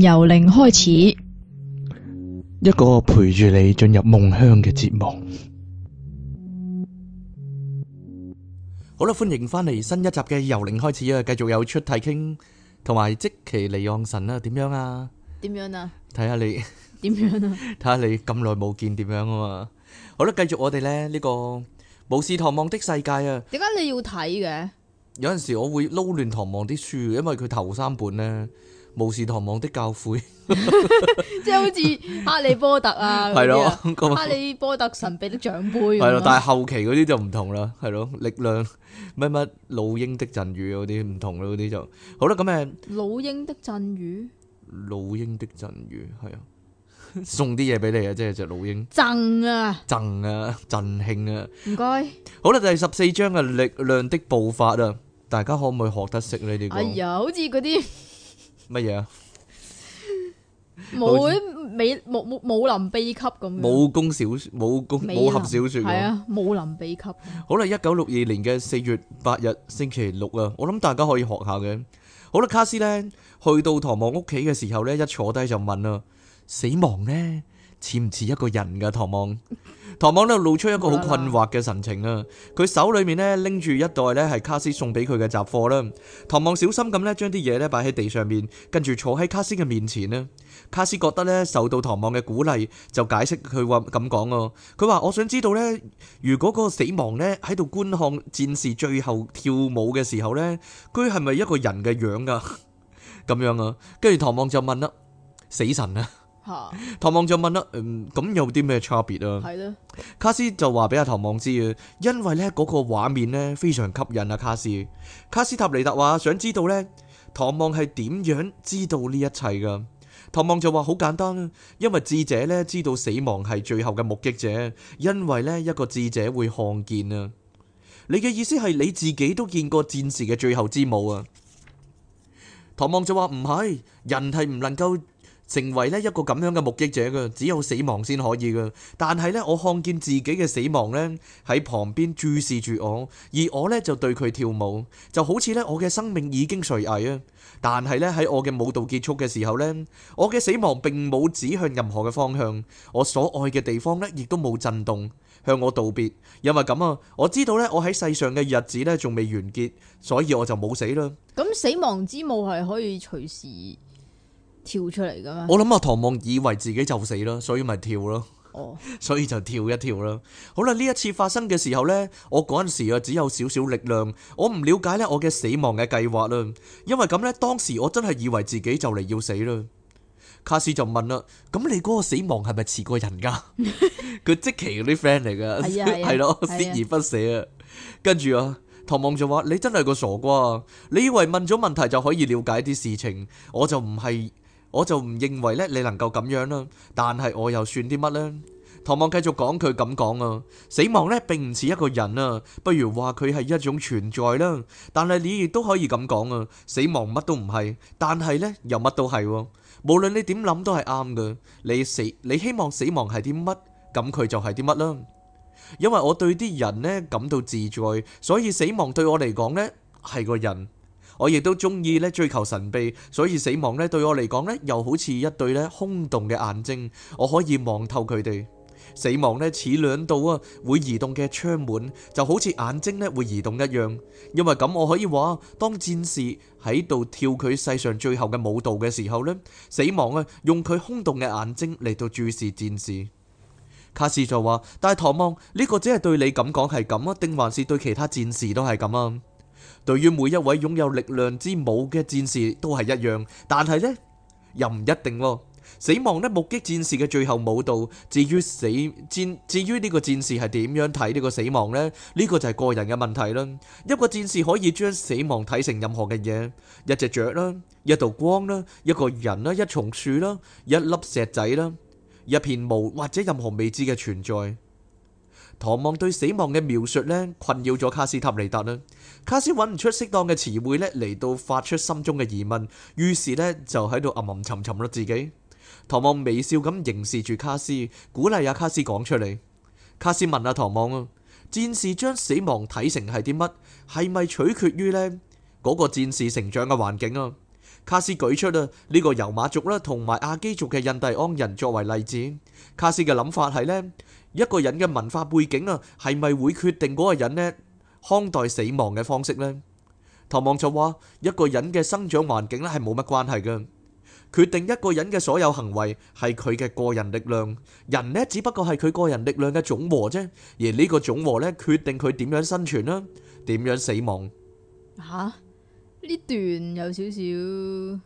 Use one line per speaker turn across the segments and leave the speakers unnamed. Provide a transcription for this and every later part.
由零開
始，一個陪住你進入夢鄉嘅節目。好啦，歡迎翻嚟新一集嘅由零開始啊！繼續有出題傾同埋即其離岸神啊，點樣啊？
點樣啊？睇下你點樣
啊？睇下 你咁耐冇見點樣啊？嘛，好啦，繼續我哋咧呢、這個巫士唐望的世界啊？
點解你要睇嘅？有
陣時我會撈亂唐望啲書，因為佢頭三本咧。巫士唐望的教誨，即
係好似哈利波特啊，係咯，哈利波特神秘的長輩咁。係咯，但係
後期嗰啲就唔同啦，係咯，力量乜乜老鷹的贈語嗰啲唔同啦，嗰啲就好啦。咁誒，
老鷹的贈語，
老鷹的贈語係啊，送啲嘢俾你啊，即係隻老鷹
贈啊，
贈啊，贈慶啊，唔該。好啦，第十四章嘅力量的步伐啊，大家可唔可以學得識呢啲？哎呀，
好似嗰啲。
乜嘢啊？武
武武林秘笈咁樣？武
功小說，武功林武俠小說。係啊，
武林秘笈。
好啦，一九六二年嘅四月八日星期六啊，我諗大家可以學下嘅。好啦，卡斯呢，去到唐望屋企嘅時候呢，一坐低就問啦：死亡呢？似唔似一個人噶？唐望。唐望呢露出一個好困惑嘅神情啊！佢手裏面呢拎住一袋呢係卡斯送俾佢嘅雜貨啦。唐望小心咁呢將啲嘢呢擺喺地上面，跟住坐喺卡斯嘅面前啦。卡斯覺得呢受到唐望嘅鼓勵，就解釋佢話咁講啊。佢話我想知道呢，如果嗰個死亡呢喺度觀看戰士最後跳舞嘅時候呢，佢係咪一個人嘅樣噶，啊？咁 樣啊？跟住唐望就問啦：死神啊！唐望就問啦、啊，嗯，咁有啲咩差別啊？係啦卡斯就話俾阿唐望知啊，因為呢嗰個畫面呢非常吸引啊。卡斯卡斯塔尼達話，想知道呢，唐望係點樣知道呢一切噶？唐望就話好簡單啊，因為智者呢知道死亡係最後嘅目擊者，因為呢一個智者會看見啊。你嘅意思係你自己都見過戰士嘅最後之舞啊？唐望就話唔係，人係唔能夠。成為呢一個咁樣嘅目擊者嘅，只有死亡先可以嘅。但係呢，我看見自己嘅死亡呢，喺旁邊注視住我，而我呢，就對佢跳舞，就好似呢，我嘅生命已經垂危啊！但係呢，喺我嘅舞蹈結束嘅時候呢，我嘅死亡並冇指向任何嘅方向，我所愛嘅地方呢，亦都冇震動，向我道別。因為咁啊，我知道呢，我喺世上嘅日子呢，仲未完結，所以我就冇死啦。
咁死亡之舞係可以隨時跳出嚟噶嘛？我諗
阿唐望以為自己就死咯，所以咪跳咯。哦，所以就跳一跳啦。好啦，呢一次發生嘅時候咧，我嗰陣時啊只有少少力量，我唔了解咧我嘅死亡嘅計劃啦。因為咁咧，當時我真係以為自己就嚟要死啦。卡斯就問啦，咁你嗰個死亡係咪遲過人噶？佢即其嗰啲 friend 嚟噶。係咯，死而不捨啊。跟住啊，唐望就話，你真係個傻瓜，你以為問咗問題就可以了解啲事情，我就唔係。我就唔認為咧你能夠咁樣啦，但係我又算啲乜呢？唐望繼續講佢咁講啊，死亡咧並唔似一個人啊，不如話佢係一種存在啦。但係你亦都可以咁講啊，死亡乜都唔係，但係咧又乜都係，無論你點諗都係啱噶。你死你希望死亡係啲乜，咁佢就係啲乜啦。因為我對啲人咧感到自在，所以死亡對我嚟講咧係個人。我亦都中意咧追求神秘，所以死亡咧對我嚟講咧，又好似一對咧空洞嘅眼睛，我可以望透佢哋。死亡咧似兩度啊會移動嘅窗門，就好似眼睛咧會移動一樣。因為咁，我可以話，當戰士喺度跳佢世上最後嘅舞蹈嘅時候咧，死亡啊用佢空洞嘅眼睛嚟到注視戰士。卡士就話：，但係，唐望呢個只係對你咁講係咁啊，定還是對其他戰士都係咁啊？對於每一位擁有力量之舞嘅戰士都係一樣，但係呢，又唔一定咯。死亡呢，目擊戰士嘅最後舞蹈。至於死戰，至於呢個戰士係點樣睇呢個死亡呢？呢個就係個人嘅問題啦。一個戰士可以將死亡睇成任何嘅嘢，一隻雀啦，一道光啦，一個人啦，一叢樹啦，一粒石仔啦，一片霧或者任何未知嘅存在。唐望對死亡嘅描述呢，困擾咗卡斯塔尼達啦。卡斯揾唔出適當嘅詞彙咧，嚟到發出心中嘅疑問，於是呢就喺度吟吟沉沉咗自己。唐望微笑咁凝視住卡斯，鼓勵阿卡斯講出嚟。卡斯問，阿、啊、唐望啊，戰士將死亡睇成係啲乜？係咪取決於呢嗰個戰士成長嘅環境啊？卡斯舉出啊呢個遊馬族啦，同埋阿基族嘅印第安人作為例子。卡斯嘅諗法係咧，一個人嘅文化背景啊，係咪會決定嗰個人呢？」看待死亡嘅方式咧，唐望就話一個人嘅生長環境咧係冇乜關係噶，決定一個人嘅所有行為係佢嘅個人力量，人咧只不過係佢個人力量嘅總和啫，而呢個總和咧決定佢點樣生存啦，點樣死亡。
吓，呢段有少少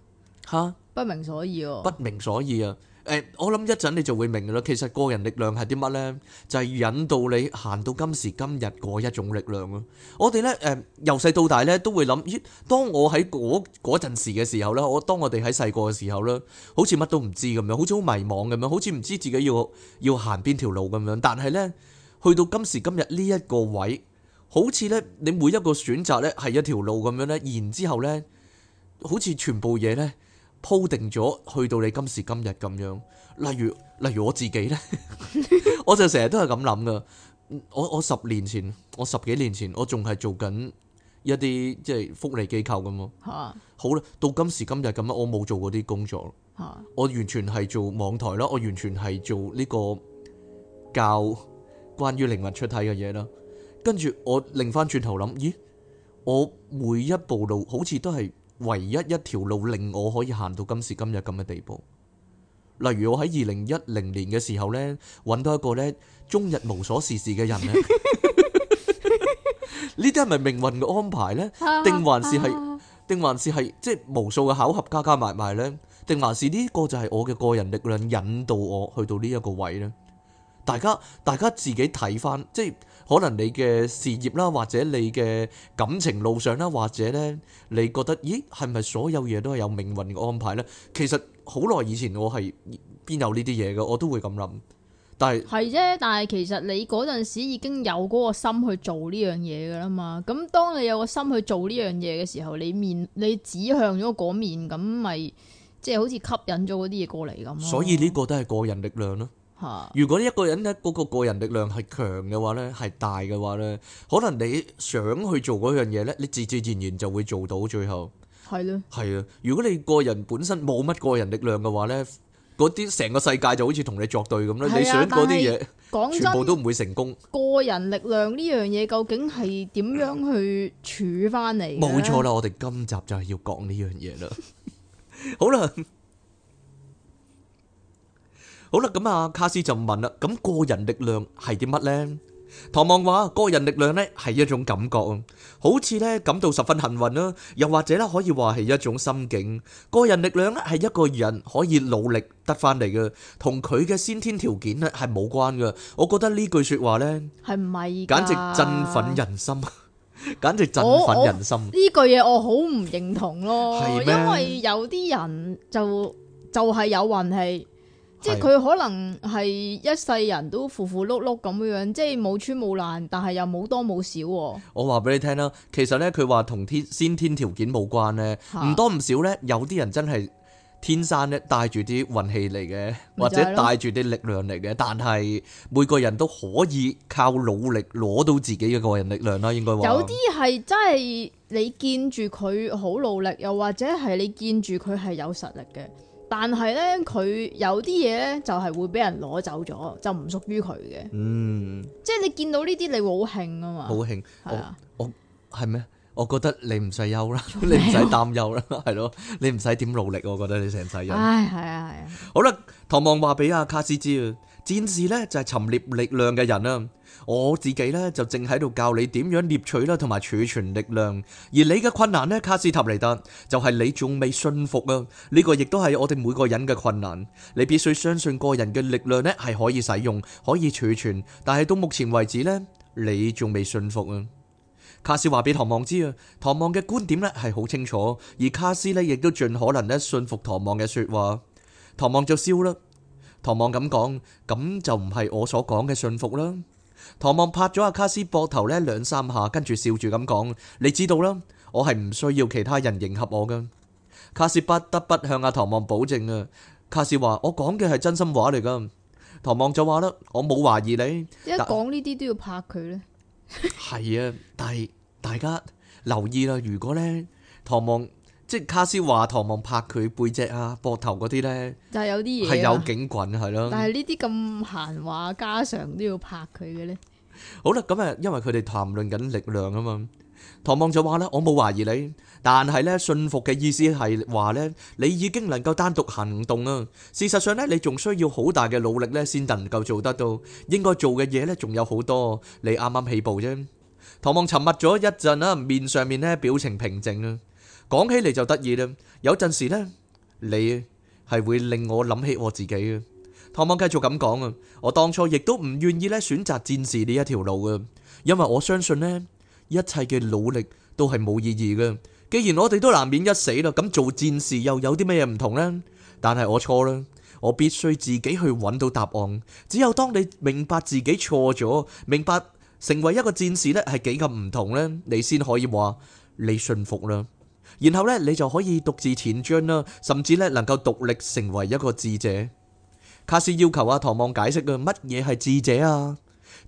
吓，不明所以哦，
不明所以啊。誒，我諗一陣你就會明噶啦，其實個人力量係啲乜呢？就係引導你行到今時今日嗰一種力量咯。我哋呢，誒，由細到大呢都會諗，咦，當我喺嗰嗰陣時嘅時候呢，我當我哋喺細個嘅時候呢，好似乜都唔知咁樣，好似好迷惘咁樣，好似唔知自己要要行邊條路咁樣。但係呢，去到今時今日呢一個位，好似呢，你每一個選擇呢係一條路咁樣呢，然之後呢，好似全部嘢呢。鋪定咗去到你今時今日咁樣，例如例如我自己呢，我就成日都係咁諗噶。我我十年前，我十幾年前，我仲係做緊一啲即係福利機構咁咯。
吓，
好啦，到今時今日咁啊，我冇做嗰啲工作咯。
吓，
我完全係做網台咯，我完全係做呢個教關於靈魂出體嘅嘢啦。跟住我擰翻轉頭諗，咦，我每一步路好似都係。唯一一條路令我可以行到今時今日咁嘅地步，例如我喺二零一零年嘅時候呢，揾到一個呢終日無所事事嘅人咧，呢啲係咪命運嘅安排呢？定還是係定還是係即係無數嘅巧合加加埋埋呢？定還是呢個就係我嘅個人力量引導我去到呢一個位呢？大家大家自己睇翻即係。可能你嘅事業啦，或者你嘅感情路上啦，或者呢，你覺得，咦，係咪所有嘢都係有命運嘅安排呢？其實好耐以前我係邊有呢啲嘢嘅，我都會咁諗。但係
係啫，但係其實你嗰陣時已經有嗰個心去做呢樣嘢嘅啦嘛。咁當你有個心去做呢樣嘢嘅時候，你面你指向咗嗰面，咁咪即係好似吸引咗嗰啲嘢過嚟咁咯。所以呢
個都係個人力量咯。如果一個人咧，嗰個個人力量係強嘅話咧，係大嘅話咧，可能你想去做嗰樣嘢咧，你自自然然就會做到最後。係咯，係啊。如果你個人本身冇乜個人力量嘅話咧，嗰啲成個世界就好似同你作對咁啦。你想嗰啲嘢，全部都唔會成功。
個人力量呢樣嘢究竟係點樣去處翻嚟？冇錯
啦，我哋今集就係要講呢樣嘢啦。好啦。好啦，咁啊，卡斯就問啦，咁個人力量係啲乜咧？唐望話：個人力量咧係一種感覺，好似咧感到十分幸運啦，又或者咧可以話係一種心境。個人力量咧係一個人可以努力得翻嚟嘅，同佢嘅先天條件咧係冇關嘅。我覺得呢句說話咧
係唔係，簡直振
奮人心，簡直振奮人心。呢
句嘢我好唔認同咯，因為有啲人就就係有運氣。即係佢可能係一世人都富富碌碌咁樣，即係冇穿冇爛，但係又冇多冇少。
我話俾你聽啦，其實咧佢話同天先天條件冇關咧，唔多唔少咧，有啲人真係天生咧帶住啲運氣嚟嘅，或者帶住啲力量嚟嘅。但係每個人都可以靠努力攞到自己嘅個人力量啦，應該話。有啲
係真係你見住佢好努力，又或者係你見住佢係有實力嘅。但係咧，佢有啲嘢咧就係會俾人攞走咗，就唔屬於佢嘅。嗯，即係你見到呢啲，你會好興啊嘛？好
興，我我係咩？我覺得你唔使憂啦，你唔使擔憂啦，係咯，你唔使點努力，我覺得你成世人。
唉，係啊，係
啊。好啦，唐望話俾阿卡斯知，啊。戰士咧就係沉獵力量嘅人啊。我自己咧就正喺度教你點樣獵取啦，同埋儲存力量。而你嘅困難呢，卡斯塔尼達就係、是、你仲未信服啊。呢、這個亦都係我哋每個人嘅困難。你必須相信個人嘅力量呢係可以使用，可以儲存。但係到目前為止呢，你仲未信服啊。卡斯話俾唐望知啊，唐望嘅觀點呢係好清楚，而卡斯呢，亦都盡可能咧信服唐望嘅說話。唐望就笑啦。唐望咁講，咁就唔係我所講嘅信服啦。唐望拍咗阿卡斯膊頭呢兩三下，跟住笑住咁講：你知道啦，我係唔需要其他人迎合我噶。卡斯不得不向阿唐望保證啊。卡斯話：我講嘅係真心話嚟噶。唐望就話啦：我冇懷疑你。一
講呢啲都要拍佢呢？
係 啊，但係大家留意啦，如果呢唐望。即係卡斯話唐望拍佢背脊啊、膊頭嗰啲咧，就
係有啲嘢係有
警棍係咯。但係
呢啲咁閒話家常都要拍佢嘅咧。
好啦，咁啊，因為佢哋談論緊力量啊嘛。唐望就話咧，我冇懷疑你，但係咧，信服嘅意思係話咧，你已經能夠單獨行動啦。事實上咧，你仲需要好大嘅努力咧，先能夠做得到。應該做嘅嘢咧，仲有好多，你啱啱起步啫。唐望沉默咗一陣啦，面上面咧表情平靜啊。講起嚟就得意啦。有陣時咧，你係會令我諗起我自己嘅。唐望繼續咁講啊，我當初亦都唔願意咧選擇戰士呢一條路嘅，因為我相信咧一切嘅努力都係冇意義嘅。既然我哋都難免一死啦，咁做戰士又有啲咩嘢唔同咧？但係我錯啦，我必須自己去揾到答案。只有當你明白自己錯咗，明白成為一個戰士咧係幾咁唔同咧，你先可以話你信服啦。然後咧，你就可以獨自前進啦，甚至咧能夠獨立成為一個智者。卡斯要求阿唐望解釋啊，乜嘢係智者啊？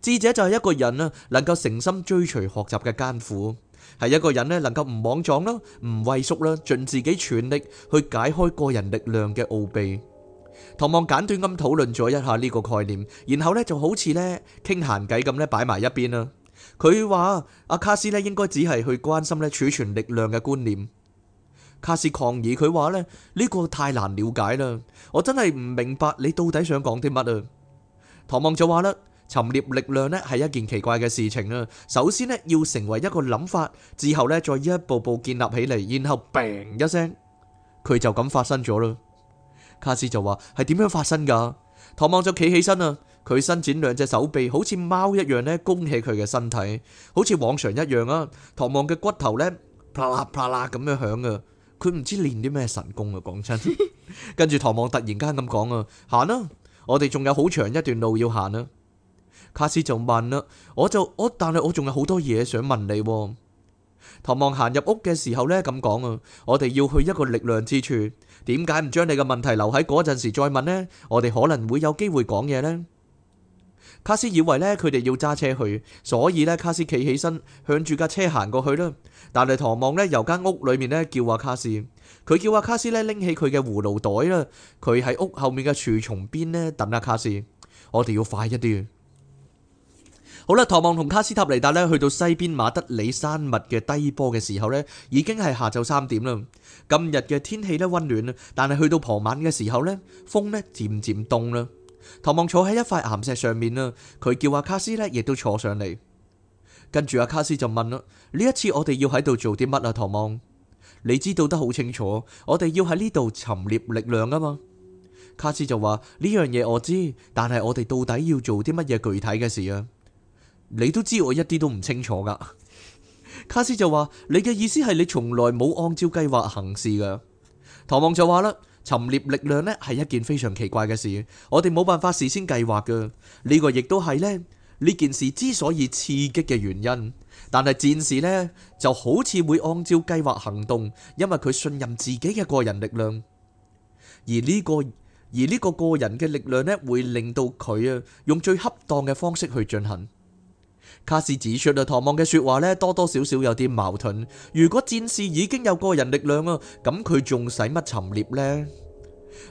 智者就係一個人啊，能夠誠心追隨學習嘅艱苦，係一個人呢，能夠唔莽撞啦，唔畏縮啦，盡自己全力去解開個人力量嘅奧秘。唐望簡短咁討論咗一下呢個概念，然後呢，就好似呢傾閒偈咁咧擺埋一邊啦。佢話阿卡斯呢，應該只係去關心咧儲存力量嘅觀念。卡斯抗議，佢話咧呢個太難了解啦，我真係唔明白你到底想講啲乜啊。唐望就話啦，尋獵力量呢係一件奇怪嘅事情啊。首先呢，要成為一個諗法，之後呢，再一步步建立起嚟，然後嘭一聲，佢就咁發生咗啦。卡斯就話係點樣發生噶？唐望就企起身啊，佢伸展兩隻手臂，好似貓一樣呢，弓起佢嘅身體，好似往常一樣啊。唐望嘅骨頭呢，啪啦啪啦咁樣響啊。佢唔知練啲咩神功啊！講真， 跟住唐望突然間咁講啊，行啦、啊，我哋仲有好長一段路要行啊。卡斯就問啦，我就、哦、但我但係我仲有好多嘢想問你、啊。唐望行入屋嘅時候呢，咁講啊，我哋要去一個力量之處，點解唔將你嘅問題留喺嗰陣時再問呢？我哋可能會有機會講嘢呢。卡斯以為呢，佢哋要揸車去，所以呢，卡斯企起身向住架車行過去啦。但係唐望呢，由間屋裏面呢叫阿卡斯，佢叫阿卡斯呢拎起佢嘅葫蘆袋啦。佢喺屋後面嘅樹叢邊呢等阿卡斯，我哋要快一啲。好啦，唐望同卡斯塔尼達呢去到西邊馬德里山脈嘅低坡嘅時候呢，已經係下晝三點啦。今日嘅天氣呢溫暖，但係去到傍晚嘅時候呢，風呢漸漸凍啦。唐望坐喺一塊岩石上面啦，佢叫阿卡斯呢亦都坐上嚟。跟住阿卡斯就問啦：呢一次我哋要喺度做啲乜啊？唐望，你知道得好清楚，我哋要喺呢度尋獵力量啊嘛。卡斯就話呢樣嘢我知，但係我哋到底要做啲乜嘢具體嘅事啊？你都知我一啲都唔清楚噶。 卡斯就話你嘅意思係你從來冇按照計劃行事噶。唐望就話啦：尋獵力量呢係一件非常奇怪嘅事，我哋冇辦法事先計劃噶。呢、這個亦都係呢。呢件事之所以刺激嘅原因，但係戰士咧就好似會按照計劃行動，因為佢信任自己嘅個人力量。而呢個而呢個個人嘅力量咧，會令到佢啊用最恰當嘅方式去進行。卡斯指出啊，唐望嘅說話咧多多少少有啲矛盾。如果戰士已經有個人力量啊，咁佢仲使乜潛獵咧？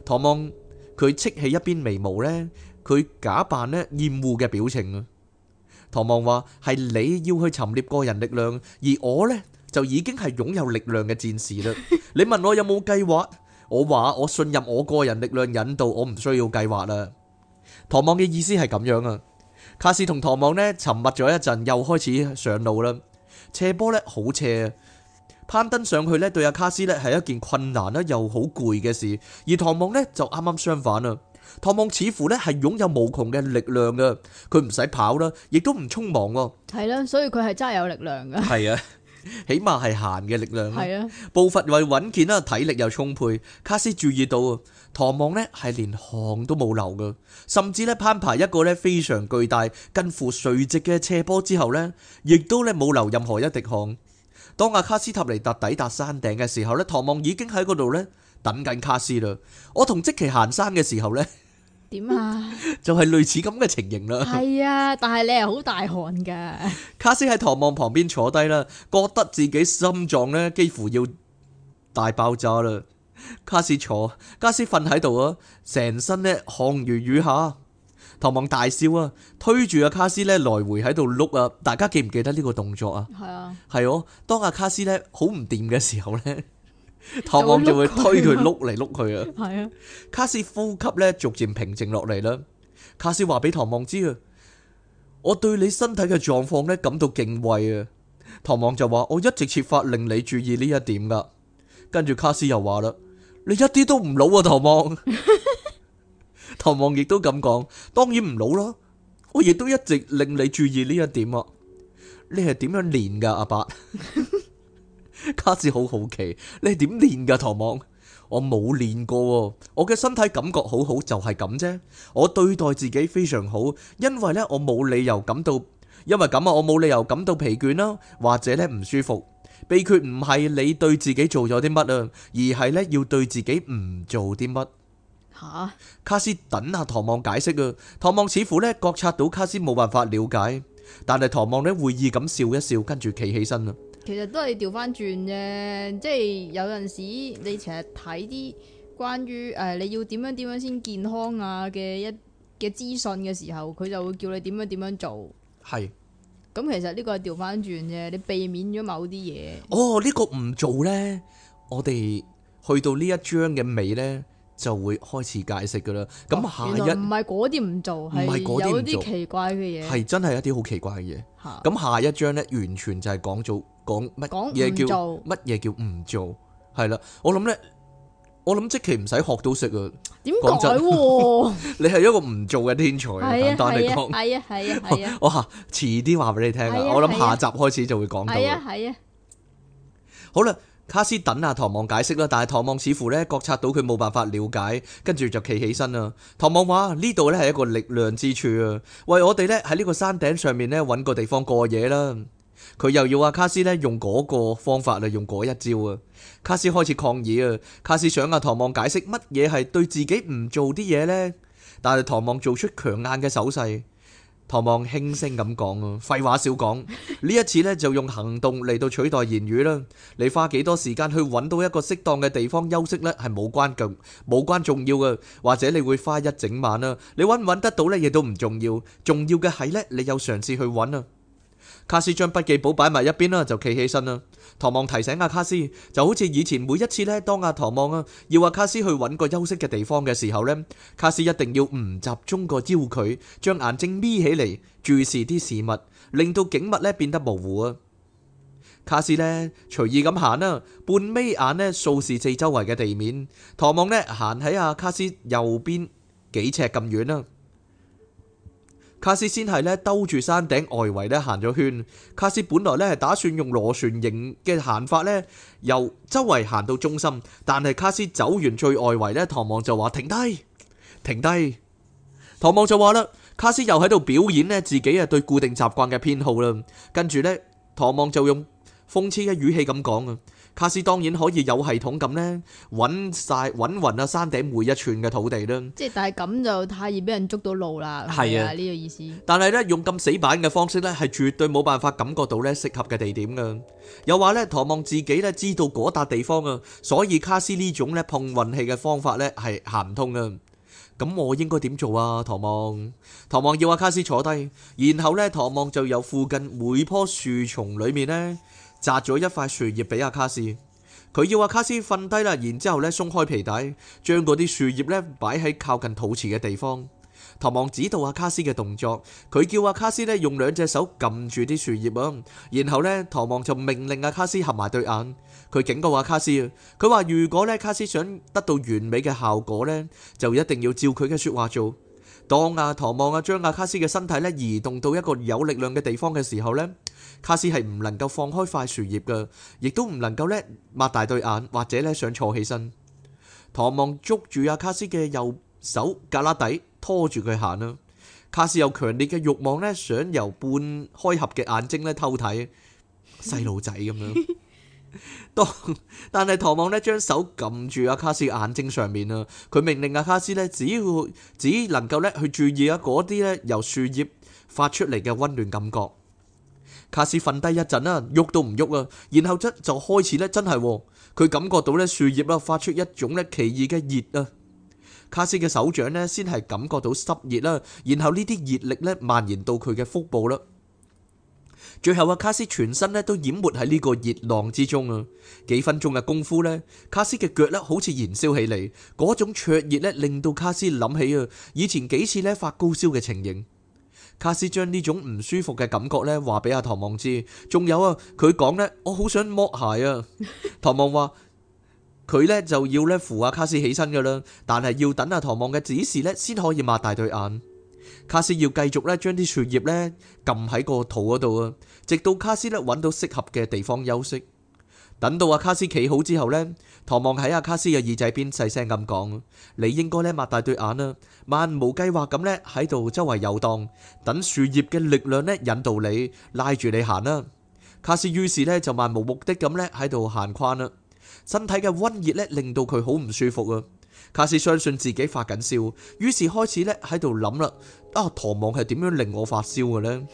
唐望佢戚起一邊眉毛咧，佢假扮咧厭惡嘅表情啊。唐望話：係你要去沉澱個人力量，而我呢，就已經係擁有力量嘅戰士啦。你問我有冇計劃，我話我信任我個人力量引導，我唔需要計劃啦。唐望嘅意思係咁樣啊。卡斯同唐望呢，沉默咗一陣，又開始上路啦。斜坡呢，好斜，攀登上去呢，對阿卡斯呢，係一件困難啦又好攰嘅事，而唐望呢，就啱啱相反啦。唐望似乎咧係擁有無窮嘅力量噶，佢唔使跑啦，亦都唔匆忙喎。
係啦，所以佢係真係有力量噶。係
啊，起碼係閒嘅力量啦。係啊，步伐又係穩健啦，體力又充沛。卡斯注意到，唐望咧係連汗都冇流噶，甚至咧攀爬一個咧非常巨大、近乎垂直嘅斜坡之後咧，亦都咧冇流任何一滴汗。當阿卡斯塔尼達抵達山頂嘅時候咧，唐望已經喺嗰度咧。等緊卡斯啦！我同積琪行山嘅時候咧，
點啊？
就係類似咁嘅情形啦。係
啊，但係你又好大汗噶。
卡斯喺唐望旁邊坐低啦，覺得自己心臟咧幾乎要大爆炸啦。卡斯坐，卡斯瞓喺度啊，成身咧汗如雨下。唐望大笑啊，推住阿卡斯咧來回喺度碌啊！大家記唔記得呢個動作啊？係啊，係哦。當阿卡斯咧好唔掂嘅時候咧，唐望就會推佢碌嚟碌去啊！ 卡斯呼吸咧逐漸平靜落嚟啦。卡斯話俾唐望知啊， 我對你身體嘅狀況咧感到敬畏啊。唐望就話：我一直設法令你注意呢一點噶。跟住卡斯又話啦： 你一啲都唔老啊，唐望。 唐望亦都咁講，當然唔老啦。我亦都一直令你注意呢一點啊。你係點樣練噶，阿伯？ 卡斯好好奇，你係點練噶？唐望，我冇練過，我嘅身體感覺好好，就係咁啫。我對待自己非常好，因為咧我冇理由感到，因為咁啊，我冇理由感到疲倦啦，或者咧唔舒服。秘訣唔係你對自己做咗啲乜啊，而係咧要對自己唔做啲乜。吓，卡斯等下，唐望解釋啊。唐望似乎咧覺察到卡斯冇辦法了解，但係唐望咧會意咁笑一笑，跟住企起身啦。
其實都係調翻轉啫，即係有陣時你成日睇啲關於誒你要點樣點樣先健康啊嘅一嘅資訊嘅時候，佢就會叫你點樣點樣做。係，咁其實呢個係調翻轉啫，你避免咗某啲嘢。
哦，呢個唔做呢？我哋去到呢一章嘅尾呢。就會開始解釋噶啦。咁下一
原來唔係嗰啲唔做，係有啲奇怪嘅嘢。係
真係一啲好奇怪嘅嘢。咁下一章咧，完全就係講做講乜嘢叫乜嘢叫唔做，係啦。我諗咧，我諗即期唔使學到識啊。點解？你係一個唔做嘅天才。簡單嚟講。係啊係啊係啊係啊。我吓，遲啲話俾你聽啊。我諗下集開始就會講到啊。係啊。好啦。卡斯等阿唐望解釋啦，但係唐望似乎咧覺察到佢冇辦法了解，跟住就企起身啦。唐望話呢度咧係一個力量之處啊，為我哋咧喺呢個山頂上面咧搵個地方過夜啦。佢又要阿卡斯咧用嗰個方法嚟，用嗰一招啊。卡斯開始抗議啊，卡斯想阿唐望解釋乜嘢係對自己唔做啲嘢呢，但係唐望做出強硬嘅手勢。唐望輕聲咁講啊，廢話少講，呢一次咧就用行動嚟到取代言語啦。你花幾多時間去揾到一個適當嘅地方休息咧，係冇關嘅，冇關重要嘅。或者你會花一整晚啦，你揾唔揾得到咧，亦都唔重要。重要嘅係咧，你有嘗試去揾啊。卡斯將筆記簿擺埋一邊啦，就企起身啦。唐望提醒阿、啊、卡斯，就好似以前每一次咧，當阿、啊、唐望啊要阿、啊、卡斯去搵個休息嘅地方嘅時候呢，卡斯一定要唔集中個焦距，將眼睛眯起嚟，注視啲事物，令到景物呢變得模糊啊。卡斯呢隨意咁行啦，半眯眼呢掃視四周圍嘅地面。唐望呢行喺阿卡斯右邊幾尺咁遠啦。卡斯先係咧兜住山頂外圍咧行咗圈，卡斯本來咧係打算用螺旋形嘅行法咧，由周圍行到中心，但係卡斯走完最外圍咧，唐望就話停低，停低。唐望就話啦，卡斯又喺度表演咧自己啊對固定習慣嘅偏好啦，跟住咧唐望就用諷刺嘅語氣咁講啊。卡斯當然可以有系統咁咧，揾曬揾雲啊，山頂每一寸嘅土地啦。
即係但係咁就太易俾人捉到路啦，係啊，呢個意思。
但係咧用咁死板嘅方式咧，係絕對冇辦法感覺到咧適合嘅地點噶。又話咧，唐望自己咧知道嗰笪地方啊，所以卡斯呢種咧碰運氣嘅方法咧係行唔通啊。咁我應該點做啊，唐望？唐望要阿卡斯坐低，然後咧唐望就由附近每棵樹叢裡面咧。摘咗一塊樹葉俾阿卡斯，佢要阿卡斯瞓低啦，然之後咧鬆開皮帶，將嗰啲樹葉咧擺喺靠近肚臍嘅地方。唐望指導阿卡斯嘅動作，佢叫阿卡斯咧用兩隻手撳住啲樹葉啊，然後呢，唐望就命令阿卡斯合埋對眼。佢警告阿卡斯，佢話如果呢卡斯想得到完美嘅效果呢，就一定要照佢嘅說話做。當阿唐望啊將阿卡斯嘅身體咧移動到一個有力量嘅地方嘅時候呢。卡斯係唔能夠放開塊樹葉嘅，亦都唔能夠咧擘大對眼，或者咧想坐起身。唐望捉住阿卡斯嘅右手，格拉底拖住佢行啦。卡斯有強烈嘅慾望咧，想由半開合嘅眼睛咧偷睇細路仔咁樣。當 但係唐望咧將手撳住阿卡斯眼睛上面啦，佢命令阿卡斯咧，只要只能夠咧去注意啊嗰啲咧由樹葉發出嚟嘅溫暖感覺。卡斯瞓低一陣啦，喐都唔喐啊！然後即就開始咧，真係佢感覺到咧樹葉啊發出一種咧奇異嘅熱啊！卡斯嘅手掌咧先係感覺到濕熱啦，然後呢啲熱力咧蔓延到佢嘅腹部啦，最後啊卡斯全身咧都淹沒喺呢個熱浪之中啊！幾分鐘嘅功夫咧，卡斯嘅腳咧好似燃燒起嚟，嗰種灼熱咧令到卡斯諗起啊以前幾次咧發高燒嘅情形。卡斯將呢種唔舒服嘅感覺咧，話俾阿唐望知。仲有啊，佢講呢：「我好想剝鞋啊！」唐望話佢呢就要咧扶阿卡斯起身噶啦，但係要等阿唐望嘅指示呢先可以擘大對眼。卡斯要繼續咧，將啲樹葉呢撳喺個肚嗰度啊，直到卡斯咧搵到適合嘅地方休息。等到阿卡斯企好之後呢。唐望喺阿卡斯嘅耳仔邊細聲咁講：，你應該咧擘大對眼啦，漫無計劃咁咧喺度周圍遊蕩，等樹葉嘅力量咧引導你拉住你行啦。卡斯於是咧就漫無目的咁咧喺度行框啦，身體嘅温熱咧令到佢好唔舒服啊！卡斯相信自己發緊燒，於是開始咧喺度諗啦：，啊，唐望係點樣令我發燒嘅咧？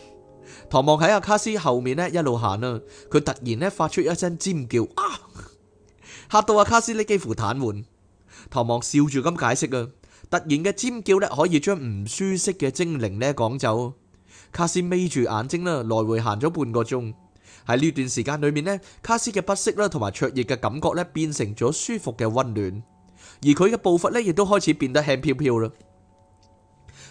唐望喺阿卡斯後面咧一路行啊，佢突然咧發出一聲尖叫：，啊！嚇到阿卡斯呢幾乎癱瘓，唐望笑住咁解釋啊。突然嘅尖叫咧可以將唔舒適嘅精靈咧趕走。卡斯眯住眼睛啦，來回行咗半個鐘。喺呢段時間裏面呢，卡斯嘅不適啦，同埋灼熱嘅感覺咧變成咗舒服嘅溫暖，而佢嘅步伐呢亦都開始變得輕飄飄啦。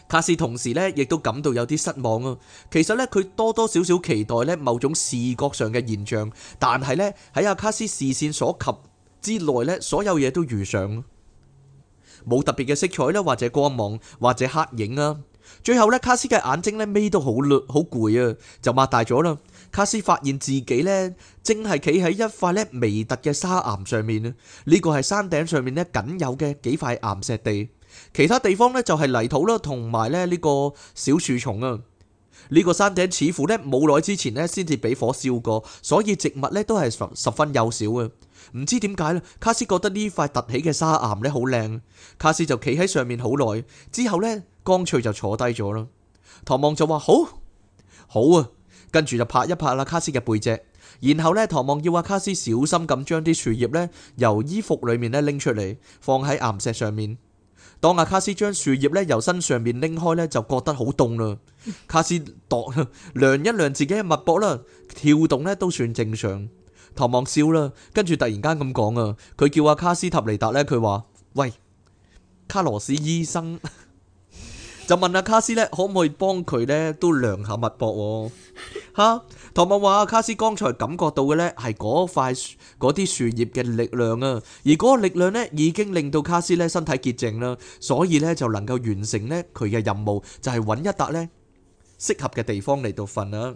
卡斯同時呢亦都感到有啲失望啊。其實呢，佢多多少少期待呢某種視覺上嘅現象，但係呢，喺阿卡斯視線所及。之內咧，所有嘢都遇上冇特別嘅色彩咧，或者光芒，或者黑影啊。最後咧，卡斯嘅眼睛咧，眯到好攰，好攰啊，就擘大咗啦。卡斯發現自己咧，正係企喺一塊咧微突嘅沙岩上面呢，呢個係山頂上面咧，僅有嘅幾塊岩石地，其他地方咧就係泥土啦，同埋咧呢個小樹叢啊。呢個山頂似乎呢冇耐之前呢先至俾火燒過，所以植物呢都係十十分幼小嘅。唔知點解呢，卡斯覺得呢塊凸起嘅沙岩呢好靚，卡斯就企喺上面好耐，之後呢乾脆就坐低咗啦。唐望就話：好，好啊，跟住就拍一拍啦，卡斯嘅背脊，然後呢，唐望要阿卡斯小心咁將啲樹葉呢由衣服裡面呢拎出嚟，放喺岩石上面。當阿卡斯將樹葉咧由身上面拎開咧，就覺得好凍啦。卡斯度量一量自己嘅脈搏啦，跳動咧都算正常。唐望笑啦，跟住突然間咁講啊，佢叫阿卡斯塔尼達咧，佢話：喂，卡羅斯醫生。就問阿卡斯咧，可唔可以幫佢咧都量下脈搏？吓，唐望話阿卡斯剛才感覺到嘅咧係嗰塊嗰啲樹葉嘅力量啊，而嗰個力量咧已經令到卡斯咧身體潔淨啦，所以咧就能夠完成咧佢嘅任務，就係搵一笪咧適合嘅地方嚟到瞓啦。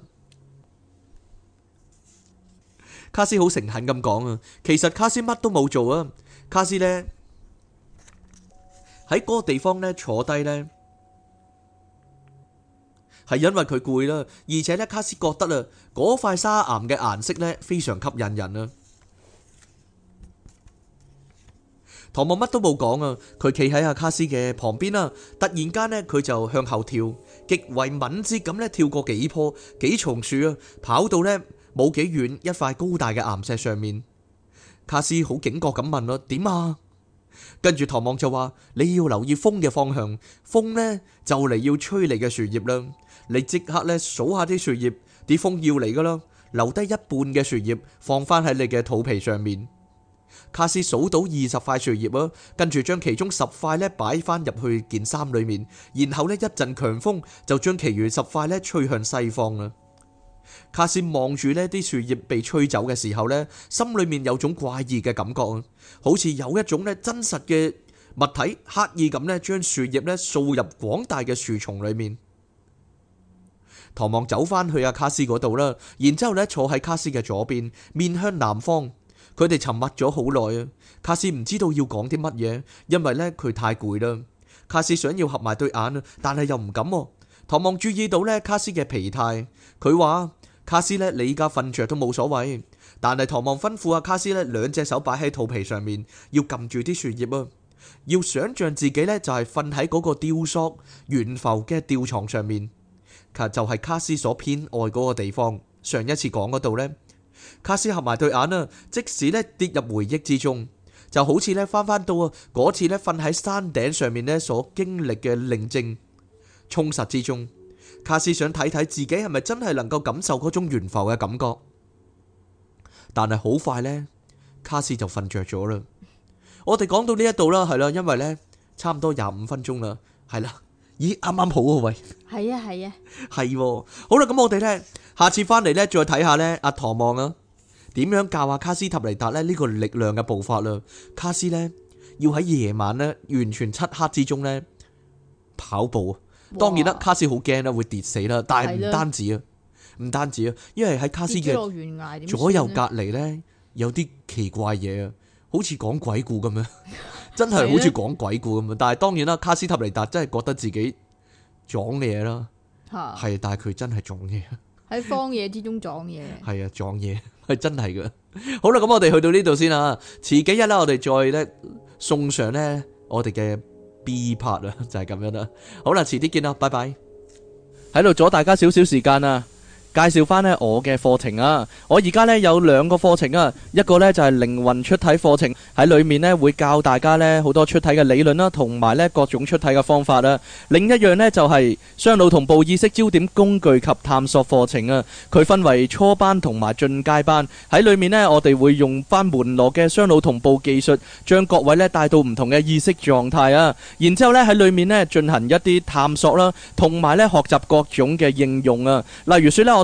卡斯好誠懇咁講啊，其實卡斯乜都冇做啊，卡斯咧喺嗰個地方咧坐低咧。係因為佢攰啦，而且咧，卡斯覺得啦，嗰塊沙岩嘅顏色咧非常吸引人啊！唐望乜都冇講啊，佢企喺阿卡斯嘅旁邊啦。突然間咧，佢就向後跳，極為敏捷咁咧跳過幾棵幾叢樹啊，跑到咧冇幾遠一塊高大嘅岩石上面。卡斯好警覺咁問啦：點啊？跟住唐望就話：你要留意風嘅方向，風咧就嚟，要吹嚟嘅樹葉啦。你即刻咧數下啲樹葉，啲風要嚟噶啦，留低一半嘅樹葉放翻喺你嘅肚皮上面。卡斯數到二十塊樹葉啊，跟住將其中十塊咧擺翻入去件衫裏面，然後咧一陣強風就將其餘十塊咧吹向西方啦。卡斯望住呢啲樹葉被吹走嘅時候咧，心裏面有種怪異嘅感覺，好似有一種咧真實嘅物體刻意咁咧將樹葉咧掃入廣大嘅樹叢裏面。唐望走返去阿卡斯嗰度啦，然之後咧坐喺卡斯嘅左邊，面向南方。佢哋沉默咗好耐啊。卡斯唔知道要講啲乜嘢，因為咧佢太攰啦。卡斯想要合埋對眼啊，但係又唔敢。唐望注意到咧卡斯嘅疲態，佢話：卡斯咧，你依家瞓着都冇所謂，但係唐望吩咐阿卡斯咧，兩隻手擺喺肚皮上面，要撳住啲樹葉啊，要想象自己咧就係瞓喺嗰個雕塑懸浮嘅吊床上面。就係卡斯所偏愛嗰個地方。上一次講嗰度呢，卡斯合埋對眼啦，即使咧跌入回憶之中，就好似咧翻翻到啊嗰次咧瞓喺山頂上面咧所經歷嘅寧靜充實之中。卡斯想睇睇自己係咪真係能夠感受嗰種懸浮嘅感覺，但係好快呢，卡斯就瞓着咗啦。我哋講到呢一度啦，係啦，因為呢，差唔多廿五分鐘啦，係啦。咦，啱啱好喎、啊、喂！
係啊，係啊，
係喎、啊 啊。好啦，咁我哋呢，下次翻嚟呢，再睇下呢阿唐望啊，點樣教阿卡斯塔尼達呢呢個力量嘅步法啦、啊？卡斯咧要喺夜晚呢，完全漆黑之中呢跑步。啊哇。當然啦，卡斯好驚啦，會跌死啦。但係唔單止啊，唔單止啊，因為喺卡斯嘅左右隔籬呢，有啲奇怪嘢啊，好似講鬼故咁樣。 真係好似講鬼故咁樣，的但係當然啦，卡斯塔尼達真係覺得自己撞嘢啦，係的，但係佢真係撞嘢，
喺荒野之中撞嘢，
係啊， 撞嘢係真係噶、 就是。好啦，咁我哋去到呢度先啦，遲幾日啦，我哋再咧送上呢我哋嘅 B part 啊，就係咁樣啦。好啦，遲啲見啦，拜拜，喺度阻大家少少時間啊。介紹翻呢我嘅課程啊！我而家呢有兩個課程啊，一個呢就係靈魂出體課程，喺裡面呢會教大家呢好多出體嘅理論啦，同埋呢各種出體嘅方法啦。另一樣呢就係雙腦同步意識焦點工具及探索課程啊。佢分為初班同埋進階班，喺裡面呢我哋會用翻門羅嘅雙腦同步技術，將各位呢帶到唔同嘅意識狀態啊。然之後呢喺裡面呢進行一啲探索啦，同埋呢學習各種嘅應用啊。例如説呢我。